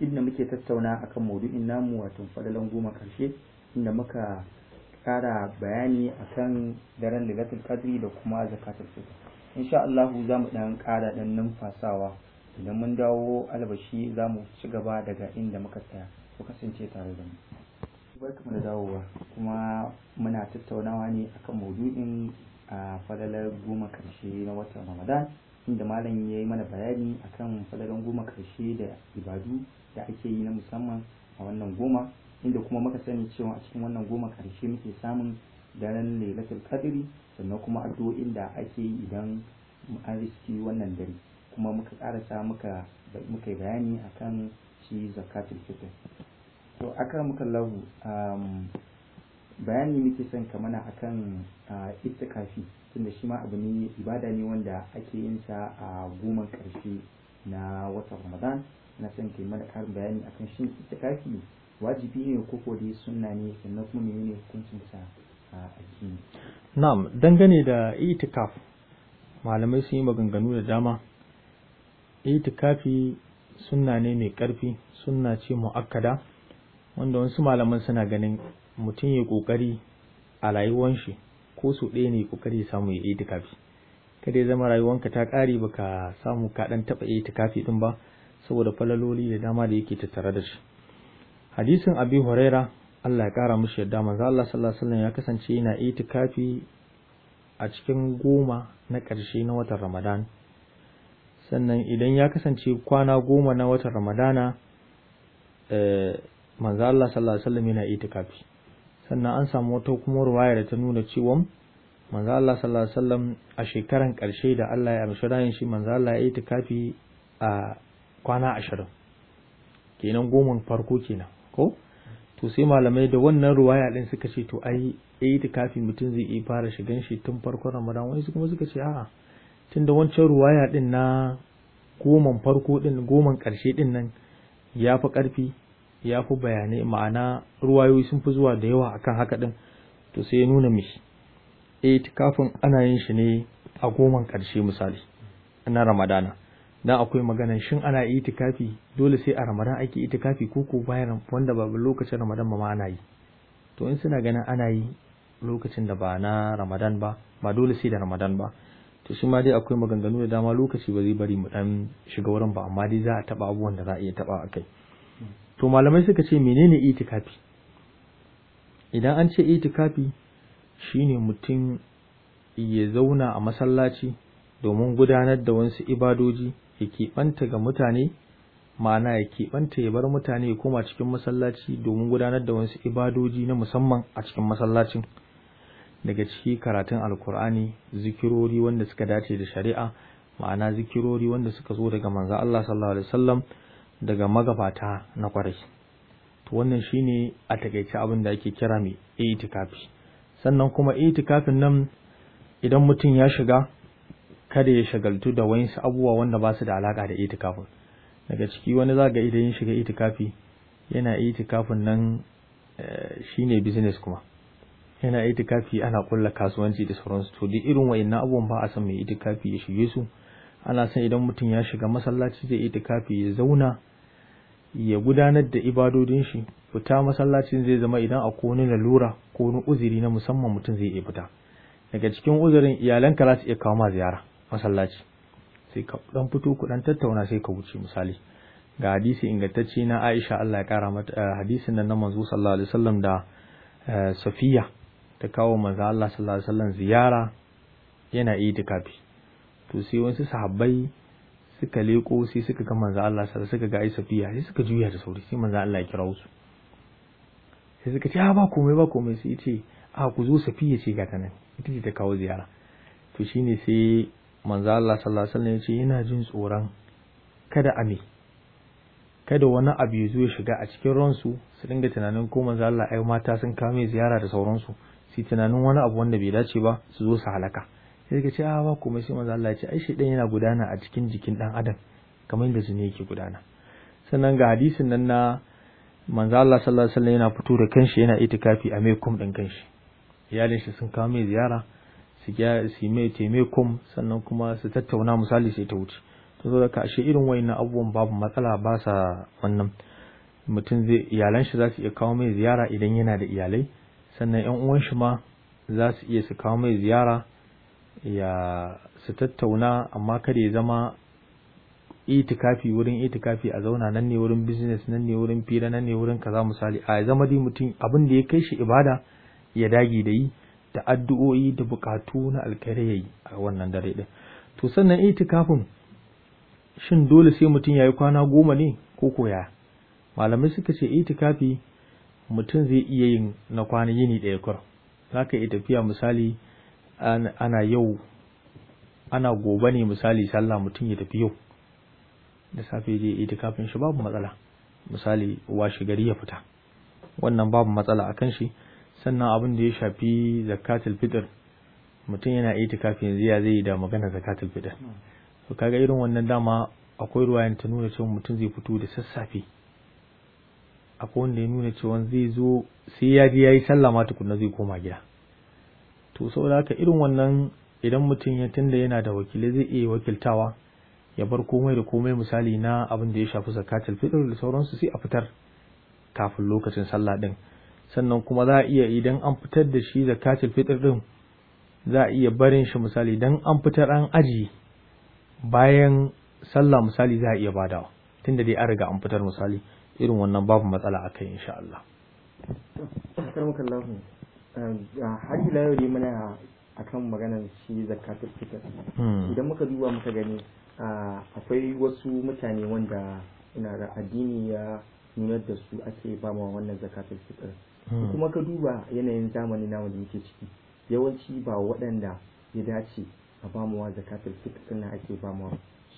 [SPEAKER 1] inda muke tattauna akan maudu'in namu wato fadalan goma karshe inda muka kara bayani akan daren lilatul qadri da kuma zakatul fitr insha Allah za mu dan kara dan numfasawa idan mun dawo albashi za mu ci gaba daga inda muka tsaya ku kasance tare da mu barkamu da dawowa kuma muna tattaunawa ne akan maudu'in a falalar goma karshe na watan ramadan inda malam ya yi mana bayani akan falalar goma karshe da ibadu da ake yi na musamman a wannan goma inda kuma muka sani cewa a cikin wannan goma karshe muke samun daren lailatul qadri sannan kuma addu'o'in da ake yi idan an riski wannan dare kuma muka karasa muka muka bayani akan shi zakatul fitr to aka muka lahu um, bayani muke son mana akan uh, tunda shi ma abu ne ibada ne wanda ake yin sa a goma karshe na watan ramadan na son kai mana karin bayani akan shin itikafi wajibi ne ko ko dai sunna ne sannan kuma ne hukuncin sa a addini
[SPEAKER 2] na'am dangane da itikaf malamai sun yi maganganu da dama itikafi sunna ne mai ƙarfi sunna ce mu'akkada wanda wasu malaman suna ganin mutum ya kokari a rayuwar shi ko su ɗaya ne kokari samu ya itikafi kada ya zama ka ta kare baka samu ka dan taba itikafi din ba saboda falaloli da dama da yake tattare da shi hadisin abi huraira Allah ya kara mishi yadda manzo Allah sallallahu alaihi wasallam ya kasance yana itikafi a cikin goma na ƙarshe na watan Ramadan sannan idan ya kasance kwana goma na watan ramadana eh, manzo Allah sallallahu alaihi wasallam yana itikafi sannan an samu wata kuma ruwaya da ta nuna cewa manzo Allah sallallahu alaihi wasallam a shekaran karshe da Allah ya amshi rayin shi manzo Allah ya itikafi a kwana ashirin kenan goma farko kenan ko to sai malamai da wannan ruwaya din suka ce to ai itikafi mutum zai iya fara shigan shi tun farkon Ramadan wani kuma suka ce a'a tun da wancan ruwaya din na goman farko din goman ƙarshe din nan ya fi ƙarfi ya fi bayanai ma'ana ruwayoyi sun fi zuwa da yawa akan haka ɗin, to sai ya nuna mishi eh, itikafin ana yin shi ne a goman ƙarshe misali na ramadana dan akwai magana, shin ana itikafi dole sai a ramadan ake itikafi ko ko bayan wanda ba lokacin ramadan ba ma ana yi to in suna ganin ana yi lokacin da ba na ramadan ba ba dole sai da ramadan ba to shi ma dai akwai maganganu da dama lokaci ba zai bari mu dan shiga wurin ba amma dai za a taba abubuwan da za a iya taba kai. to malamai suka ce menene itikafi idan an ce itikafi shine mutum ya zauna a masallaci domin gudanar da wasu ibadoji ya keɓanta ga mutane ma'ana ya keɓanta ya bar mutane ya koma cikin masallaci domin gudanar da wasu ibadoji na musamman a cikin masallacin daga ciki karatun alkur'ani zikirori wanda suka dace da shari'a ma'ana zikirori wanda suka zo daga manzo Allah sallallahu alaihi wasallam daga magabata na kwarai to wannan shine a takaice abin da ake kira mai itikafi sannan kuma itikafin nan idan mutum ya shiga kada ya shagaltu da wayansu abubuwa wanda ba su da alaka da itikafin daga ciki wani zaga idan ya shiga itikafi yana itikafin nan eh, shine business kuma yana itikafi ana kulla kasuwanci da sauransu to duk irin wayannan abubuwan ba a san mai itikafi ya shige su ana san idan mutum ya shiga masallaci zai itikafi ya zauna ya gudanar da ibadodin shi fita masallaci zai zama idan akwai wani lalura ko wani uzuri na musamman mutum zai iya fita daga cikin uzurin iyalanka za su iya kawo ma ziyara masallaci sai ka dan fito ku dan tattauna sai ka wuce misali ga hadisi ingantacce na Aisha Allah ya kara mata eh, hadisin nan na manzo sallallahu alaihi wasallam da eh, Safiya ta kawo manzo Allah sallallahu alaihi wasallam ziyara yana itikafi to sai wasu sahabbai suka leko sai suka ga manzo Allah sallallahu suka ga ai safiya sai suka juya da sauri sai manzo Allah ya kira su sai suka ce a ah, ba komai ba komai sai ce a ah, ku zo safiya ce ga nan ita ce ta kawo ziyara to shine sai manzo Allah sallallahu alaihi wasallam ya ce ina jin tsoron kada Ami. kada wani abu ya zo ya shiga a cikin ransu su dinga tunanin ko manzo Allah ai mata sun mai ziyara da sauransu su tunanin wani abu wanda bai dace ba su zo su halaka sai ka ce a ah, ba komai sai manzo Allah ya ce ai shedan yana gudana a cikin jikin dan adam kamar yadda zune yake gudana sannan ga hadisin nan na manzo Allah sallallahu alaihi wasallam yana fito da kanshi yana itikafi a mai kum din kanshi iyalin shi sun kawo mai ziyara su ga su mai kum sannan kuma su tattauna misali sai ta wuce to zo daga ashe irin wayannan abubuwan babu matsala ba sa wannan mutum zai iyalan shi za su iya kawo mai ziyara idan yana da iyalai sannan yan uwan shi ma za su iya su kawo mai ziyara ya su tattauna amma kada ya zama itikafi wurin itikafi a zauna nan ne wurin business nan ne wurin fira nan ne wurin kaza misali a zama dai mutum abin da ya kai shi ibada ya dage da yi da addu'o'i da bukatu na alkhairi yayi a wannan dare din to sannan itikafin shin dole sai mutum ya yi kwana goma ne ko koya malamai suka ce itikafi mutum zai iya yin na kwana yini ɗaya kur za ka iya tafiya misali ana yau ana gobe ne misali sallah mutum ya tafi yau da safe zai je kafin shi babu matsala misali shi gari ya fita wannan babu matsala a kan shi sannan abin da ya shafi zakatul fitr mutum yana itikafi yanzu ziya zai yi da magana zakatul fitr to kaga irin wannan dama akwai ruwayan ta nuna cewa mutum zai fito da sassafe akwai wanda ya nuna cewa zai zo sai ya yi yayi sallah ma tukunna zai koma gida to saboda haka irin wannan idan mutum ya tunda yana da wakilai zai iya wakiltawa ya bar komai da komai misali na abin da ya shafi zakatul fitr da sauransu sai a fitar kafin lokacin sallah din sannan kuma za a iya idan an fitar da shi zakatul fitr din za a iya barin shi misali dan an fitar an aji bayan sallah misali za a iya badawa tunda dai an riga an fitar misali irin wannan babu matsala a kai insha Allah.
[SPEAKER 1] Um, akan maganar shi zakatul fitr hmm. idan muka duba muka gani akwai wasu mutane wanda ina da addini ya nuna da su ake ba ma wannan zakatul fitr hmm. kuma ka duba yanayin zamani namu da muke ciki yawanci ba waɗanda ya dace a ba mu zakatul fitr na ake ba mu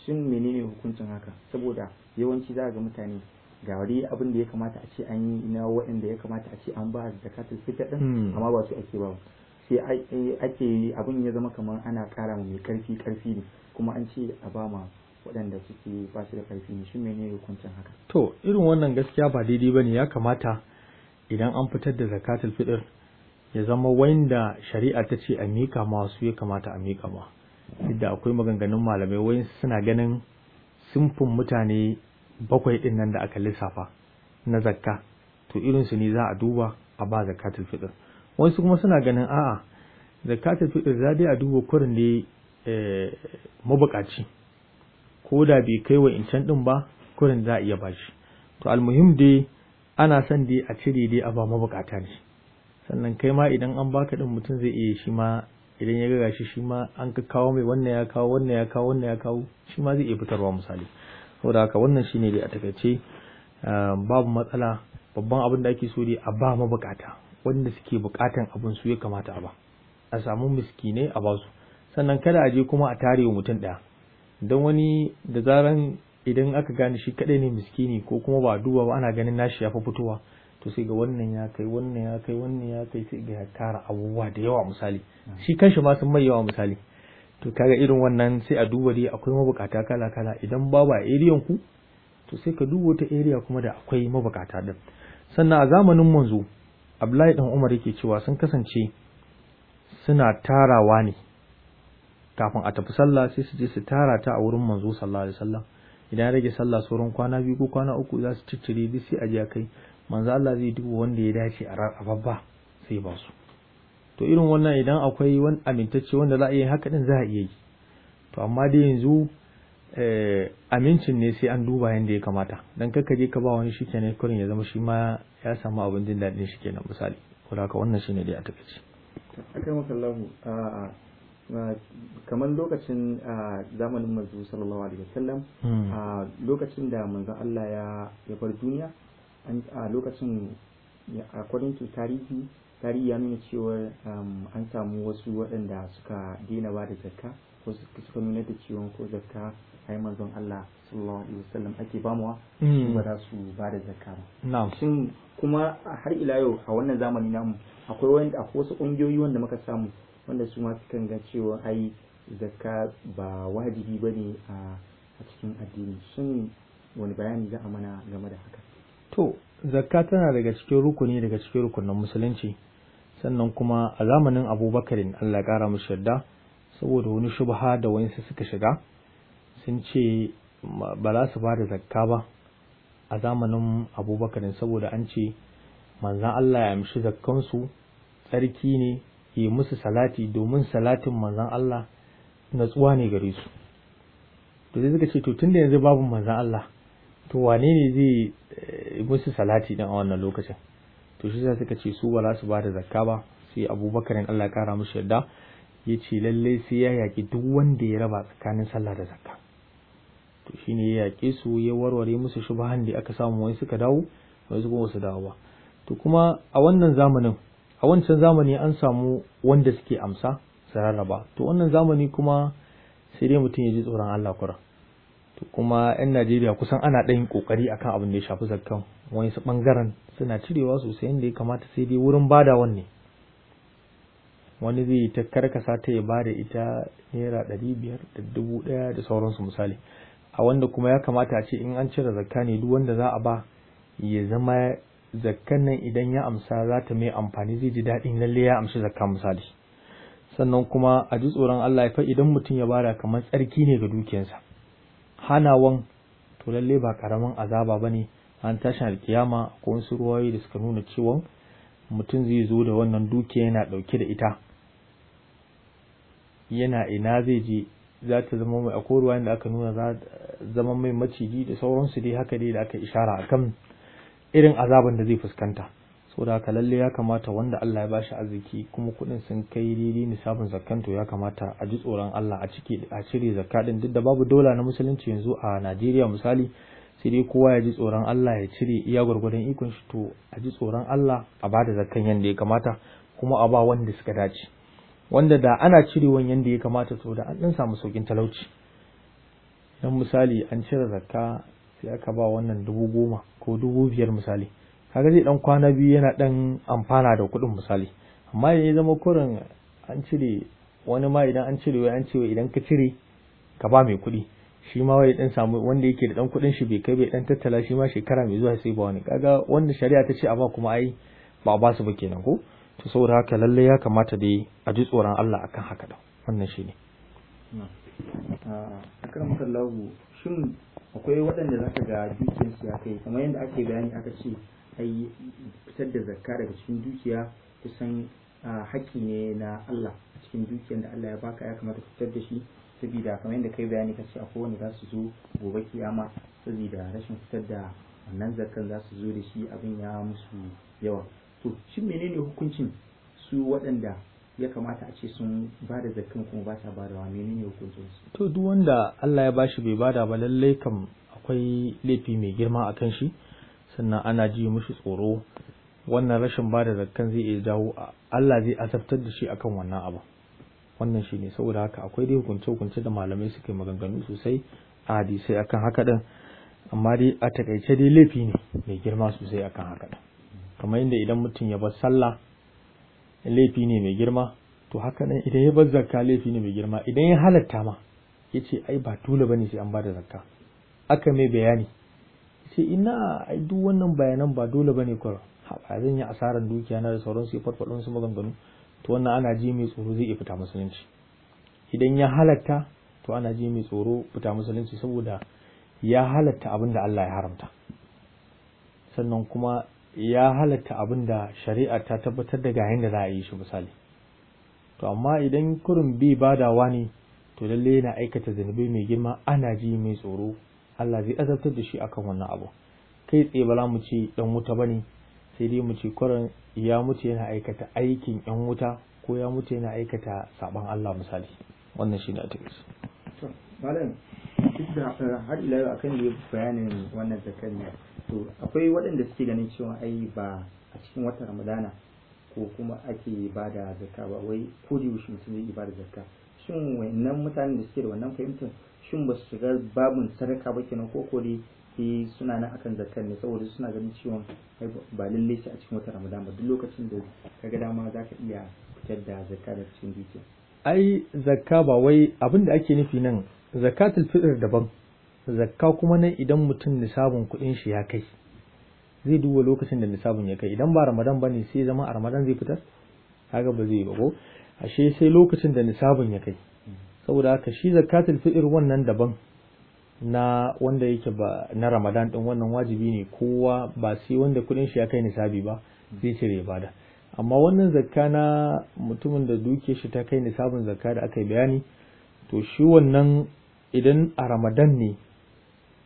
[SPEAKER 1] shin menene hukuncin haka saboda yawanci za a ga mutane ga abinda abin da ya kamata a ce an yi na waɗanda ya kamata a ce an ba zakatul fitr din hmm. amma ba su ake ba sai ake abin ya zama kamar ana ƙara mai ƙarfi ƙarfi ne kuma an ce a ba ma waɗanda suke ba su da ƙarfi ne shi mene hukuncin haka
[SPEAKER 2] to irin wannan gaskiya ba daidai ba ne ya kamata idan an fitar da zakatul fitr ya zama wanda shari'a ta ce a mika ma su ya kamata a miƙa ma duk da akwai maganganun malamai wayan suna ganin sumfin mutane bakwai ɗin nan da aka lissafa na zakka to irinsu ne za a duba a ba zakatul fitr wasu kuma suna ganin a'a zakatul fitr za dai a duba kurin ne eh, mabukaci ko da bai kai wa incan din ba kurin za a iya shi to almuhim dai ana son dai a cire dai a ba mabukata ne sannan kai ma idan an baka din mutum zai iya shi ma idan ya ga shi shi ma an ka kawo mai wannan ya kawo wannan ya kawo wannan ya kawo shi ma zai iya fitarwa misali saboda haka wannan shine dai a takaice eh, babu matsala babban abin da ake so dai a ba mabukata wanda suke bukatan abin su ya kamata a ba a samu miskinai a basu sannan kada a je kuma a tare wa mutum daya don wani da zaran idan aka gane shi kadai ne miskini ko kuma ba duba ba ana ganin nashi ya fi fitowa to sai ga wannan ya kai wannan ya kai wannan ya kai sai ga ya tara abubuwa da yawa misali hmm. shi kanshi ma sun mai yawa misali to kaga irin wannan sai a duba dai akwai mabukata kala kala idan babu a area ku to sai ka duba wata area kuma da akwai mabukata din sannan a zamanin manzo Abdullahi dan Umar yake cewa sun kasance suna tarawa ne kafin a tafi sallah sai su je su tara ta a wurin manzo sallallahu alaihi wasallam idan rage sallah sauran kwana biyu ko kwana uku za su ciccire duk sai a je kai manzo Allah zai duba wanda ya dace a babba sai ba su to irin wannan idan akwai wani amintacce wanda za a yi haka din za a iya yi to amma dai yanzu eh, amincin ne sai an duba yadda ya kamata dan kaka je ka ba wani shi kenan kurin ya zama shi ma ya samu abin jin daɗin shi kenan misali ko haka wannan ne dai a takaice
[SPEAKER 1] kamar lokacin zamanin manzo sallallahu alaihi wasallam hmm. lokacin da manzon Allah ya bar duniya a lokacin according to tarihi tarihi ya nuna cewar um, an samu wasu waɗanda suka daina ba da zakka ko suka nuna da cewa ko zakka ai manzon Allah sallallahu alaihi wasallam ake bamuwa hmm. ba za su ba da zakka ba shin kuma har ila yau a wannan zamani namu akwai wanda akwai wasu ƙungiyoyi wanda muka samu wanda su ma sukan ga cewa ai zakka ba wajibi ne a cikin addini shin wani bayani za a mana game da haka
[SPEAKER 2] to zakka tana daga cikin rukuni daga cikin rukunin musulunci sannan kuma a zamanin abubakarin Allah ya ƙara musu yadda saboda wani shubha da wayansu suka shiga sun ce ba za su bada zakka ba a zamanin abubakarin saboda an ce manzan Allah ya amshi zakkansu tsarki ne yi musu salati domin salatin manzan Allah natsuwa ne gare su to sai suka ce to tun da yanzu babu manzan Allah to wane ne zai eh, musu salati din a wannan lokacin to shi suka ce su ba za su ba da zakka ba sai abubakar in Allah ya kara musu yadda ya ce lallai sai ya yaƙi duk wanda ya raba tsakanin sallah da zakka to shine ya yaƙi su ya warware musu shubahan da aka samu wai suka dawo wai su kuma su dawo ba to kuma a wannan zamanin a wancan zamani an samu wanda suke amsa su rarraba to wannan zamani kuma sai dai mutum ya ji tsoron Allah kura to kuma 'yan Najeriya kusan ana ɗan yin ƙoƙari akan abin da ya shafi zakkan wani su ɓangaren suna cirewa sosai inda ya kamata sai dai wurin bada ne wani zai ta karkasa ta ya bada ita naira ɗari biyar da dubu ɗaya da sauransu misali a wanda kuma ya kamata a ce in an cire zakka ne duk wanda za a ba ya zama zakkan nan idan ya amsa za ta mai amfani zai ji daɗin lalle ya amshi zakka misali sannan kuma a ji tsoron Allah ya idan mutum ya bada kamar tsarki ne ga dukiyarsa hanawan to lalle ba karamin azaba bane an tashin alkiyama ko wasu ruwayoyi da suka nuna cewa mutum zai zo da wannan dukiya yana dauke da ita yana ina zai je za ta zama mai akwai ruwayan da aka nuna za zama mai maciji da sauransu dai haka dai da aka ishara akan irin azaban da zai fuskanta saboda haka lalle ya kamata wanda Allah ya bashi arziki kuma kuɗin sun kai daidai nisabin zakkan to ya kamata a ji tsoron Allah a ciki a cire zakka din duk da babu dola na musulunci yanzu a Najeriya misali sai dai kowa ya ji tsoron Allah ya cire iya gwargwadon ikon shi to a ji tsoron Allah a ba da zakkan yanda ya kamata kuma a ba wanda suka dace wanda da ana cirewan yanda ya kamata to da an ɗan samu saukin talauci don misali an cire zakka sai aka ba wannan dubu goma ko dubu biyar misali kaga zai ɗan kwana biyu yana ɗan amfana da kuɗin misali amma ya zama kurin an cire wani ma idan an cire wai an ce idan ka cire ka ba mai kuɗi shi ma wai dan samu wanda yake da dan kudin shi bai kai bai dan tattala shi ma shekara mai zuwa sai ba wani kaga wanda shari'a ta ce a ba kuma ai ba ba su ba kenan ko to saboda haka lalle ya kamata dai a ji tsoron Allah akan haka da wannan ne
[SPEAKER 1] a kan makallahu shin akwai waɗanda za ka ga su ya kai kamar yadda ake bayani aka ce ai fitar da zakka daga cikin dukiya kusan ah, haƙƙi ne na Allah cikin dukiyar da Allah ya baka ya kamata ka fitar da shi saboda kamar yadda kai bayani kace a kowane za su zo gobe kiyama saboda rashin fitar da wannan zakan za su zo da shi abin ya musu yawa to shin menene hukuncin su waɗanda ya kamata a ce sun ba da zakkan kuma ba sa ba da menene
[SPEAKER 2] hukuncin su to duk wanda Allah ya bashi bai bada ba lallai kam akwai laifi mai girma a kan shi sannan ana ji mushi tsoro wannan rashin ba da zakkan zai iya jawo Allah zai azabtar da shi akan wannan abu wannan shine saboda haka akwai dai hukunce hukunce da malamai suke maganganu sosai a hadisai akan haka din amma dai a takaice dai laifi ne mai girma sosai akan haka din kamar inda idan mutum ya bar sallah laifi ne mai girma to haka nan idan ya bar zakka laifi ne mai girma idan ya halatta ma yace ai ba dole bane sai an da zakka aka mai bayani sai ina ai duk wannan bayanan ba dole bane kwara ba zan yi asarar dukiya na da sauran ya farfaɗo su maganganu to wannan ana ji mai tsoro zai iya fita musulunci idan ya halatta to ana ji mai tsoro fita musulunci saboda ya halatta abin da Allah ya haramta sannan kuma ya halatta abin da shari'a ta tabbatar da ga yadda za a yi shi misali to amma idan kurin bi badawa ne to lalle yana aikata zunubi mai girma ana ji mai tsoro Allah zai azabtar da shi akan wannan abu kai tsaye ba mu ce dan wuta bane sai dai mu ce kwaran ya mutu yana aikata aikin yan wuta ko ya mutu yana aikata saban Allah misali wannan shi ne a takaice
[SPEAKER 1] to malam eh, har ila yau akan yi bayanin wannan zakariya to akwai waɗanda suke ganin cewa ai ba a cikin watan ramadana ko kuma ake ba da zakka ba wai ko da yaushe mutum zai ba da zakka shin wannan mutanen da suke da wannan fahimtar shin ba su shiga babin sadaka ba kenan ko ko dai sai e, suna nan akan zakar ne saboda suna ganin ciwon ba lallai sai a cikin wata ramadan ba duk lokacin da ka ga dama za ka iya fitar da zakka daga cikin dukiya
[SPEAKER 2] ai zakka ba wai abin da ake nufi nan zakatul fitr daban zakka kuma nan idan mutum nisabin kuɗin shi ya kai zai duba lokacin da nisabin ya kai idan ba ramadan bane sai zama a ramadan zai fitar kaga ba zai yi ba ko ashe sai lokacin da nisabin ya kai hmm. saboda haka shi zakatul fitr wannan daban na wanda yake ba na ramadan din wannan wajibi ne kowa ba sai wanda kudin shi ya kai nisabi ba zai cire bada amma wannan zakka na mutumin da duke shi ta kai nisabin zakka da aka yi bayani to shi wannan idan a ramadan ne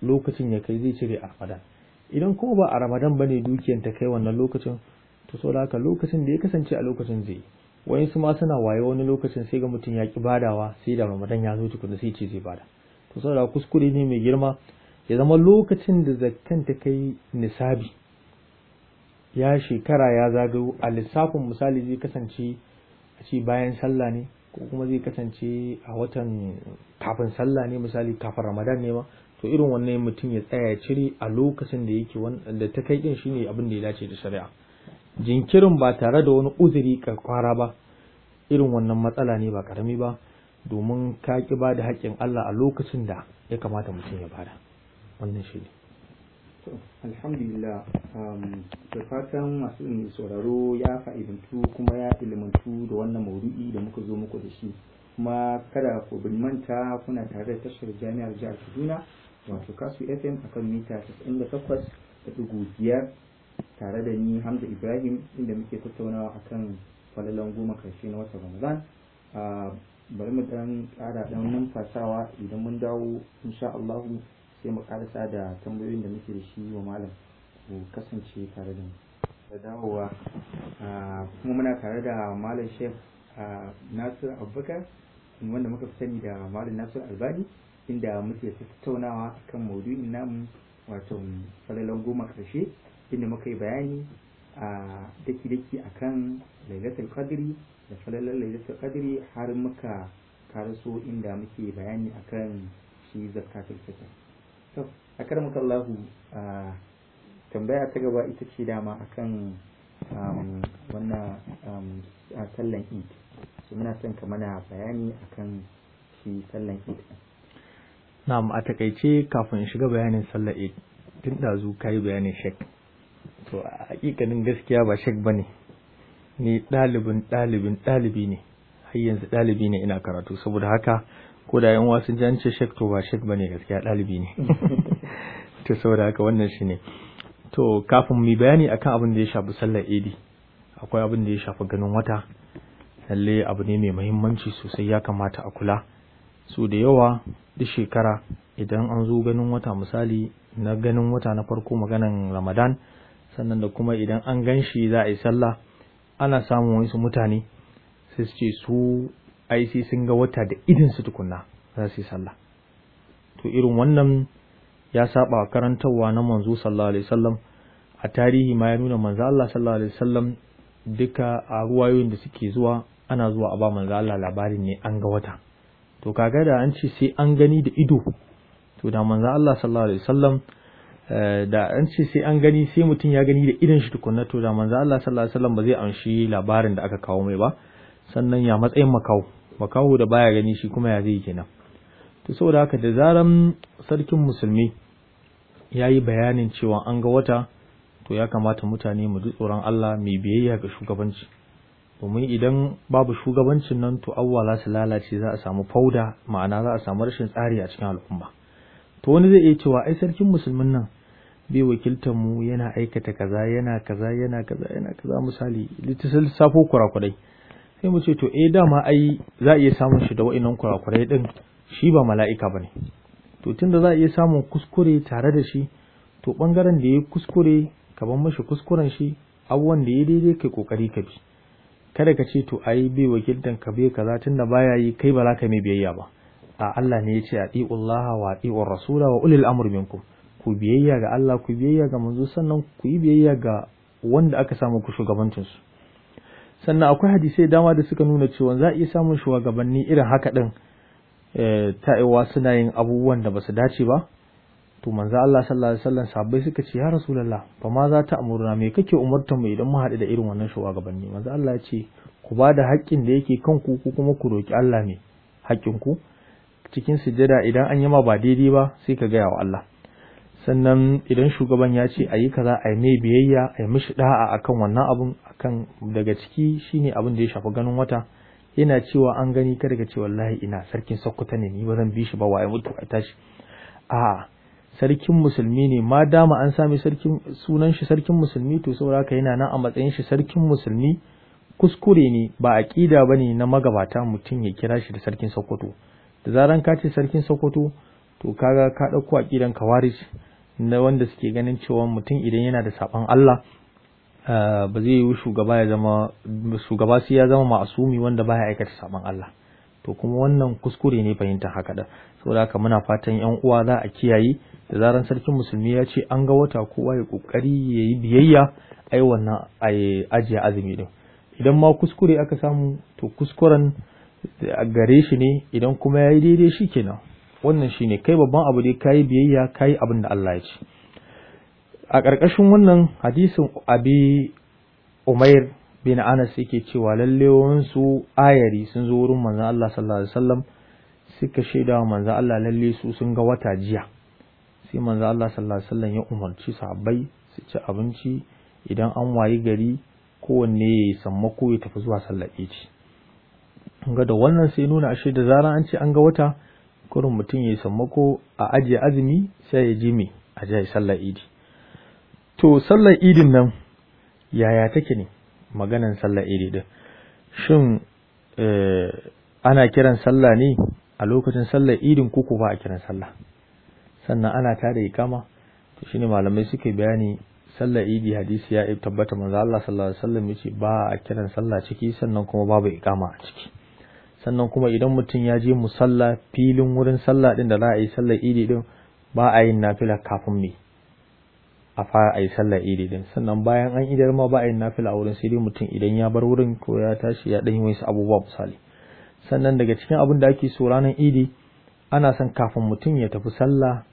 [SPEAKER 2] lokacin ya kai zai cire a ramadan idan kuma ba a ramadan ba ne dukiyan ta kai wannan lokacin to saboda haka lokacin da ya kasance a lokacin zai wayansu ma suna waye wani lokacin sai ga mutum ya ki badawa sai da ramadan ya zo tukuna sai ce zai bada saboda kuskure ne mai girma ya zama lokacin da zakkan ta kai nisabi ya shekara ya zagayo a lissafin misali zai kasance a ce bayan sallah ne ko kuma zai kasance a watan kafin sallah ne misali kafin ramadan ne ma to irin wannan mutum ya tsaya ya cire a lokacin da yake da ta kai din shine abin da ya dace da shari'a jinkirin ba tare da wani uzuri kwara ba irin wannan matsala ne ba karami ba domin ka ki ba da haƙƙin Allah a lokacin da ya kamata mutum ya bada wannan shi
[SPEAKER 1] ne alhamdulillah um, da fatan masu sauraro ya fa'idantu kuma ya ilimantu da wannan maudu'i da muka zo muku da shi kuma kada ku bin manta kuna tare da tashar jami'ar jihar kaduna wato kasu fm a kan mita 98.5 tare da ni hamza ibrahim inda muke tattaunawa akan falalan goma karshe na watan ramadan um, bari mu dan kara dan numfasawa idan mun dawo insha Allah sai mu karasa da tambayoyin da muke da shi wa malam ku kasance tare da mu da dawowa kuma muna tare da malam shef nasir abubakar wanda muka fi sani da malam nasir albani inda muke tattaunawa kan maudu'in namu wato falalan goma karshe inda muka yi bayani a daki-daki a kan lailatul qadri da falalar lailatul qadri har muka karaso inda muke bayani akan shi zakatul fitr to akarmaka Allah tambaya ta gaba ita ce dama akan wannan sallan Eid su muna son ka mana bayani akan shi
[SPEAKER 2] sallan Eid na'am a takaice kafin shiga bayanin sallar Eid tun dazu kai bayanin shek to a hakikanin gaskiya ba shek bane ni ɗalibin ɗalibin ɗalibi ne har yanzu ɗalibi ne ina karatu saboda haka ko da yan wasu jan ce shek to ba shek bane gaskiya ɗalibi ne [LAUGHS] to saboda haka wannan shi ne. to kafin mu bayani akan abin da ya shafi sallar idi akwai abin da ya shafi ganin wata lalle abu ne mai muhimmanci sosai ya kamata a kula su da yawa duk shekara idan an zo ganin wata misali na ganin wata na farko maganan ramadan sannan da kuma idan an gan shi za a yi sallah ana samun wasu mutane sai su ce su ai sun ga wata da idin su tukunna za su yi sallah to irin wannan ya saba karantarwa na manzo sallallahu alaihi wasallam a tarihi ma ya nuna manzo Allah sallallahu alaihi wasallam duka a ruwayoyin da suke zuwa ana zuwa a ba manzo Allah labarin ne an ga wata to kaga da an ce sai an gani da ido to da manzo Allah sallallahu alaihi wasallam Eh, da an ce sai an gani sai mutum ya gani da idan shi tukunna to da manzo Allah sallallahu alaihi wasallam ba zai amshi labarin da aka kawo mai ba sannan ya matsayin makau makau da baya gani shi kuma ya zai kenan to saboda haka da zaran sarkin musulmi ya yi bayanin cewa an ga wata to ya kamata mutane mu ji tsoron Allah mai biyayya ga shugabanci domin idan babu shugabancin nan to awwala za su lalace za a samu fauda ma'ana za a samu rashin tsari a cikin al'umma to wani zai iya cewa ai sarkin musulmin nan bai wakiltar mu yana aikata kaza yana kaza yana kaza yana kaza misali littisal safo kurakurai sai mu ce to eh dama ai za a iya samun shi da wa'annan kurakurai din shi ba mala'ika bane to tunda za a iya samun kuskure tare da shi to bangaren da ya kuskure ka ban mashi kuskuren shi abubuwan da ya daidai kai kokari ka bi kada ka ce to ai bai wakiltar ka bai kaza tunda baya yi kai ba za ka mai biyayya ba a Allah ne ya ce atiullaha wa atiur rasula wa ulil amr minkum ku biyayya ga Allah ku biyayya ga manzo sannan ku yi biyayya ga wanda aka samu ku shugabancin su sannan akwai hadisai dama da suka nuna cewa za a iya samun shugabanni irin haka din eh, aiwa suna yin abubuwan da basu dace ba to manzo Allah sallallahu alaihi wasallam sahabbai suka ce ya rasulullah fa ma za ta amurna me kake umurtar mu idan mu haɗu da irin wannan shugabanni manzo Allah ya ce ku ba da haƙƙin da yake kan ku kuma ku roki Allah ne haƙƙin ku cikin sujjada idan an yi ma ba daidai ba sai ka gaya wa Allah sannan idan shugaban ya ce a yi kaza a yi mai biyayya a yi mishi da'a kan wannan abun akan daga ciki shine abin da ya shafi ganin wata yana cewa an gani kada ka ce wallahi ina sarkin sakkuta ne ni ba zan bi shi ba waye mutu a tashi a sarkin musulmi ne ma dama an sami sarkin sunan shi sarkin musulmi to saboda haka yana nan a matsayin shi sarkin musulmi kuskure ne ba aqida bane na magabata mutum ya kira shi da sarkin sokoto da zaran ka ce sarkin sokoto to kaga ka dauko aqidan kawarish na wanda suke ganin cewa mutum idan yana da saban Allah eh, ba zai yi shugaba ya zama shugaba sai ya zama ma'asumi wanda baya aikata saban Allah to kuma wannan kuskure ne fahimta haka da saboda haka muna fatan yan uwa za a kiyaye da zaran sarkin musulmi ya ce an ga wata kowa ya kokari ya yi biyayya ai wannan ajiye azumi din idan ma kuskure aka samu to kuskuren a gare shi ne idan kuma ya yi daidai shi kenan wannan shine kai babban abu dai kai biyayya kai abin da Allah ya ce a ƙarƙashin wannan hadisin abi umair bin anas yake cewa lalle wansu ayari sun zo wurin manzon Allah sallallahu alaihi wasallam suka shaida wa manzon Allah lalle su sun ga wata jiya sai manzon Allah sallallahu alaihi wasallam ya umarci sahabbai su ci abinci idan an wayi gari kowanne ya sammako ya tafi zuwa sallar ci ga da wannan sai nuna ashe da zaran an ce an ga wata kurin mutum ya yi sammako a ajiye azumi sai ya ji me a jihar sallar idi to sallar idin nan yaya take ne maganan sallar idi din shin eh, ana kiran sallah ne a lokacin sallar idin ko ba a kiran sallah sannan ana tada kama to shine malamai suke bayani sallar idi hadisi ya tabbata manzo Allah sallallahu alaihi wasallam ba a kiran sallah ciki sannan kuma babu ikama a ciki sannan kuma idan mutum ya je musalla filin wurin sallah din da za a yi sallar idi din ba a yin nafila kafin ne a fara a yi sallar idi din sannan bayan an idar ma ba a yi nafila a wurin sai dai mutum idan ya bar wurin ko ya tashi ya dan yi wasu abubuwa misali sannan daga cikin abin da ake so ranar idi ana son kafin mutum ya tafi sallah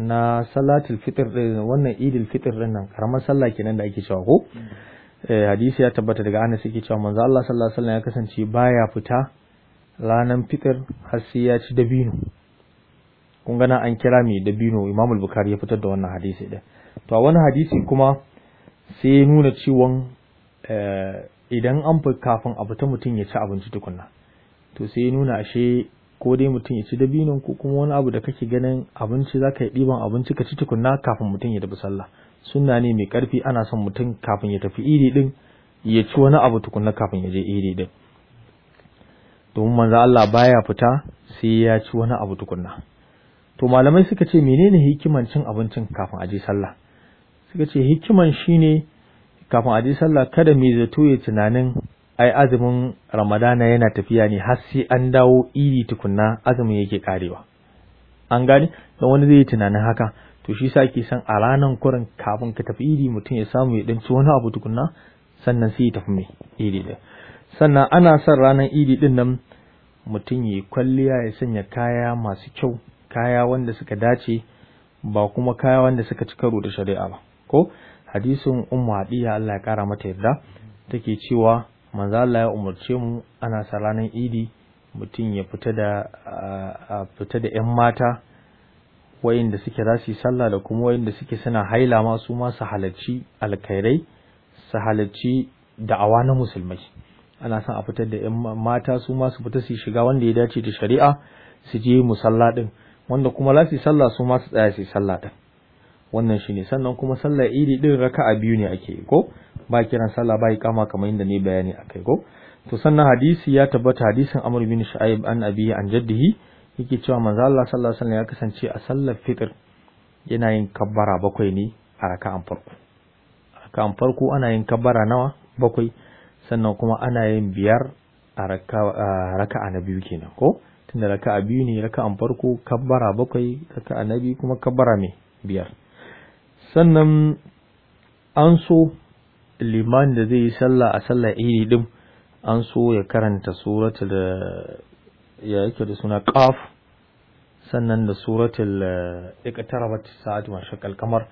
[SPEAKER 2] na salatul fitr din wannan idil fitr din nan karamar sallah kenan da ake cewa ko mm. eh, hadisi ya tabbata daga Anas yake cewa manzo Allah sallallahu alaihi wasallam ya kasance baya fita Ranan fitar har sai ya ci dabino kun gana an kira mai dabino Imam al-Bukhari ya fitar da wannan hadisi din to a wani hadisi kuma sai ya nuna ciwon eh, idan an fi kafin a fita mutum ya ci abinci tukunna to sai ya nuna ashe ko dai mutum ya ci dabinon ko kuma wani abu da kake ganin abinci zaka yi ɗiban abinci ka ci tukunna kafin mutum ya tafi sallah sunna ne mai karfi ana son mutum kafin ya tafi iri din ya ci wani abu tukunna kafin ya je iri din domin manzo Allah baya fita sai ya ci wani abu tukunna to malamai suka ce menene hikiman cin abincin kafin aje sallah suka ce hikiman shine kafin aje sallah kada mai zato ya tunanin ai azumin ramadana yana tafiya ne har sai an dawo iri tukunna azumin yake karewa an gane don wani zai yi tunanin haka to shi sa ake san a ranar kurin kafin ka tafi iri mutum ya samu ya danci wani abu tukunna sannan sai ya tafi mai iri da sannan ana son ranar idi din nan mutum ya kwalliya ya sanya kaya masu kyau kaya wanda suka dace ba kuma kaya wanda suka ci karo da shari'a ba ko hadisin ummu hadiya Allah ya kara mata yarda take cewa manzo Allah ya umarce mu ana sa ranar idi mutum ya fita da yan mata wayanda suke za su yi sallah da kuma wayanda suke suna haila ma su ma su halarci alkhairai su halarci da'awa na musulmai ana son a fitar da 'yan mata su ma su fita su shiga wanda ya dace da shari'a su je musalla din wanda kuma za su sallah su ma su tsaya su sallah din wannan shine sannan kuma sallar ɗin din raka'a biyu ne ake ko ba kiran sallah ba kama kamar yadda ne bayani akai ko to sannan hadisi ya tabbata hadisin Amr bin Shu'aib an abi an jaddihi yake cewa manzo Allah sallallahu alaihi ya kasance a sallar fitr yana yin kabbara bakwai ne a raka'an farko raka'an farko ana yin kabbara nawa bakwai sannan kuma ana yin biyar a raka'a na biyu kenan ko tunda raka'a biyu ne raka'an farko kabbara bakwai raka'a na biyu kuma kabbara mai biyar sannan an so liman da zai yi sallah a sallah iri din an so ya karanta suratul ya yake da suna qaf sannan da suratul eh, iqtarabat sa'atu wa shaqqal qamar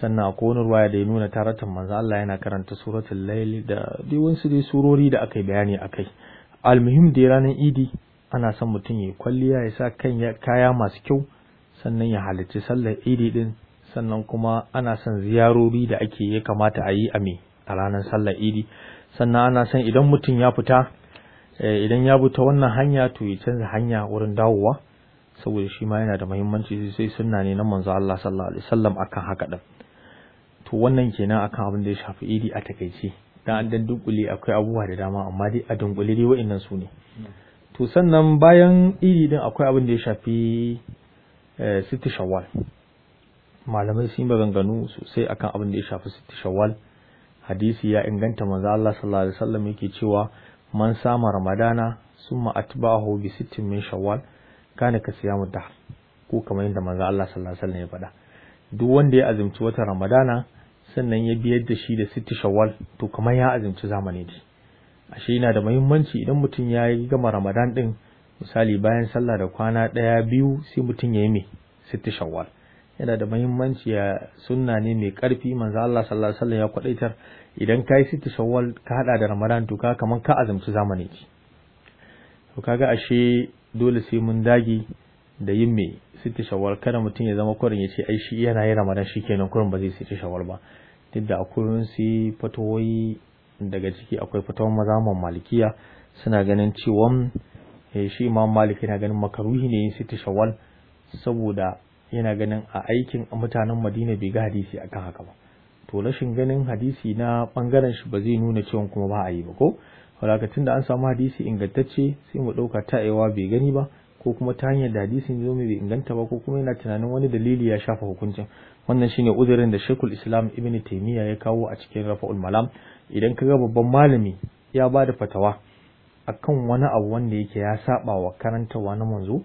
[SPEAKER 2] sannan akwai wani ruwaya da ya nuna taratan manzo Allah yana karanta suratul layl da dai wasu dai surori da aka yi bayani akai almuhim da ranar idi ana son mutum ya kwalliya ya sa kan ya kaya masu kyau sannan ya halarci sallar idi din sannan kuma ana son ziyarori da ake ya kamata a yi a me a ranar sallar idi sannan ana son idan mutum ya fita eh, idan ya bi ta wannan hanya to ya canza hanya wurin dawowa saboda shi ma yana da muhimmanci sai sunna ne na manzo Allah sallallahu alaihi wasallam akan haka din to wannan kenan akan abin da ya shafi idi a takeice dan an dan dunkule akwai abubuwa da dama amma dai a dunkule dai wa'annan su ne to sannan bayan idi din akwai abin da ya shafi eh, sitti shawwal malamai sun maganganu sosai akan abin da ya shafi sitti shawwal hadisi ya inganta manzo Allah sallallahu alaihi wasallam yake cewa man sama ramadana summa atbahu bi sittin min shawwal kana ka siya mu dahar ko kamar yadda manzo Allah sallallahu alaihi wasallam ya faɗa duk wanda ya azumci watan Ramadana sannan ya biyar da shi da sitti shawwal to kamar ya azumci zamani ne ashe yana da muhimmanci idan mutum ya yi gama Ramadan din misali bayan sallah da kwana ɗaya biyu sai mutum ya yi me sitti shawwal yana da muhimmanci ya sunna ne mai karfi manzo Allah sallallahu alaihi wasallam ya kwadaitar idan kai sitti shawwal ka hada da Ramadan to ka kaman ka azumci zamani ne to kaga ashe dole sai mun dage da yin me su shawar kada mutum ya zama kwarin ya ce ai shi yana yi ramadan kenan kwarin ba zai sita shawar ba duk da akwai su fatawoyi daga ciki akwai fatawar mazaman malikiya suna ganin cewa eh, shi imam malik yana ganin makaruhi ne yin su shawar saboda yana ganin a aikin mutanen madina bai ga hadisi akan haka ba to rashin ganin hadisi na bangaren shi ba zai nuna cewa kuma ba a yi ba ko wadakacin da an samu hadisi ingantacce sai mu ɗauka ta aiwa bai gani ba ko kuma ta hanyar da hadisin zo mai bai inganta ba ko kuma yana tunanin wani dalili ya shafa hukuncin wannan shine uzurin da Sheikhul Islam Ibn Taymiyyah ya kawo a cikin Rafa'ul Malam idan ga babban malami ya ba da fatawa akan wani abu wanda yake ya saba wa karantawa na manzo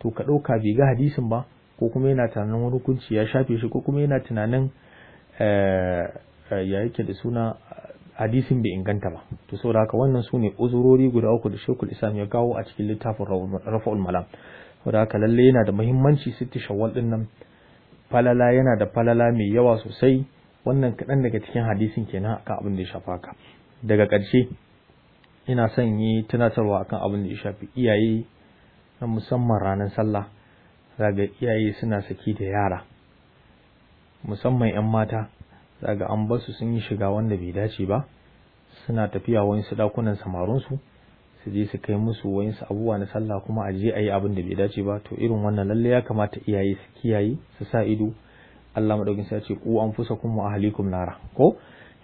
[SPEAKER 2] to ka ɗauka bai ga hadisin ba ko kuma yana tunanin wani hukunci ya shafe shi ko kuma yana tunanin eh, eh, ya yake da suna hadisin bai inganta ba to saboda haka wannan sune uzurori guda uku da shekul Islam ya kawo a cikin littafin Rafa'ul Malam saboda haka lalle yana da muhimmanci su Shawwal din nan falala yana da falala mai yawa sosai wannan kaɗan daga cikin hadisin kenan akan abin da ya shafa ka daga ƙarshe ina son yi tunatarwa akan abin da ya shafi iyaye na musamman ranar sallah zaga iyaye suna saki da yara musamman 'yan mata ga an basu sun yi shiga wanda bai dace ba suna tafiya wani su dakunan samarun su su je su kai musu wani su abubuwa na sallah kuma a je a yi abin da bai dace ba to irin wannan lalle ya kamata iyaye su kiyaye su sa ido Allah madaukin sa ce ku anfusakum wa ahlikum nara ko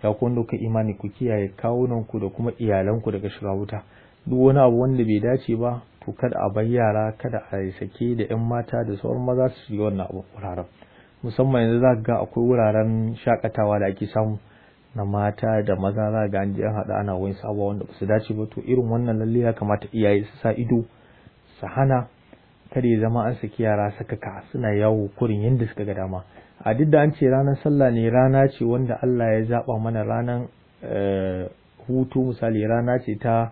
[SPEAKER 2] ya ku wanda imani ku kiyaye kawunan ku da kuma iyalan ku daga shiga wuta duk wani abu wanda bai dace ba to kada a bar yara kada a sake da yan mata da sauran maza su shiga wannan abu wuraren musamman yanzu za ga akwai wuraren shakatawa da ake samu na mata da maza za ga an je an haɗu ana wani sabuwa wanda ba su dace ba to irin wannan lalle ya kamata iyaye su sa ido su hana kada ya zama an saki yara sakaka suna yawo kurin yadda suka ga dama a duk da an ce ranar sallah ne rana ce wanda Allah ya zaba mana ranar eh, hutu misali rana ce ta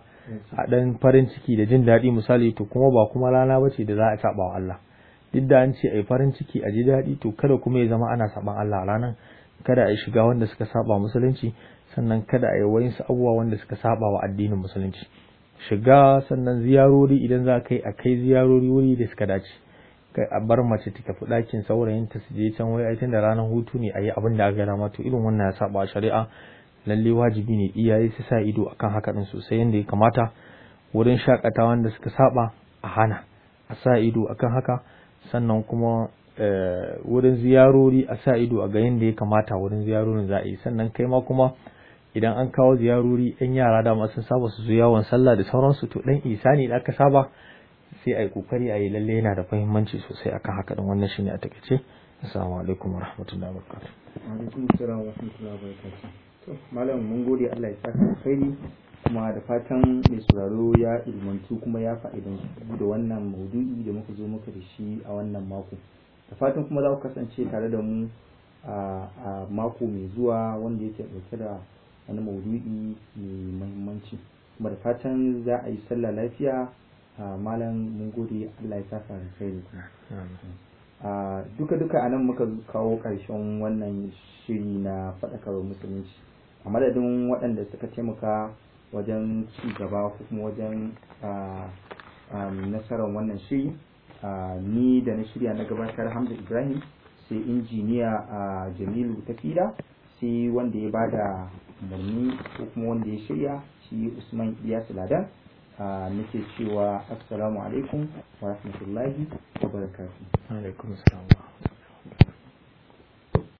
[SPEAKER 2] a ɗan farin ciki da jin daɗi misali to kuma ba kuma rana bace da za a saba wa Allah duk da an ce ai farin ciki a ji daɗi to kada kuma ya zama ana saɓan Allah ranan kada a yi shiga wanda suka saba musulunci sannan kada a yi wayansu abubuwa wanda suka saɓa wa addinin musulunci shiga sannan ziyarori idan za kai a kai ziyarori wuri da suka dace kai a bar mace ta tafi ɗakin saurayin ta su je can wai ai da ranar hutu ne a yi abin da aka ma to irin wannan ya saɓa a shari'a lalle wajibi ne iyaye su sa ido akan haka din sosai yanda ya kamata wurin shakatawa da suka saɓa a hana a sa ido akan haka sannan kuma eh, wurin ziyarori a sa ido a ga yadda ya kamata wurin ziyarorin za a yi sannan kai ma kuma idan an kawo ziyarori ɗan yara dama sun saba su yawon sallah da sauransu to ɗan isa ne da aka saba sai a yi kokari a yi lalle yana da fahimmanci sosai akan haka din wannan shine a takaice assalamu alaikum wa rahmatullahi
[SPEAKER 1] malam mun gode Allah ya saka alkhairi kuma da fatan mai sauraro ya ilmantu kuma ya su da wannan maudu'i da muka zo muka da shi a wannan mako da fatan kuma za ku kasance tare da mu a mako mai zuwa wanda yake ɗauke da wani maudu'i mai muhimmanci kuma da fatan za a yi sallah lafiya malam mun gode Allah ya saka da kai kuma duka duka anan muka kawo ƙarshen wannan shiri na faɗakarwar musulunci a madadin waɗanda suka taimaka wajen ci gaba ko kuma wajen nasarar wannan shiri ni da na shirya na gabatar hamza ibrahim sai injiniya a jamilu tafida sai wanda ya bada murni ko kuma wanda ya shirya shi usman iyasu ladan nake cewa assalamu alaikum wa rahmatullahi wa barakatuh alaikum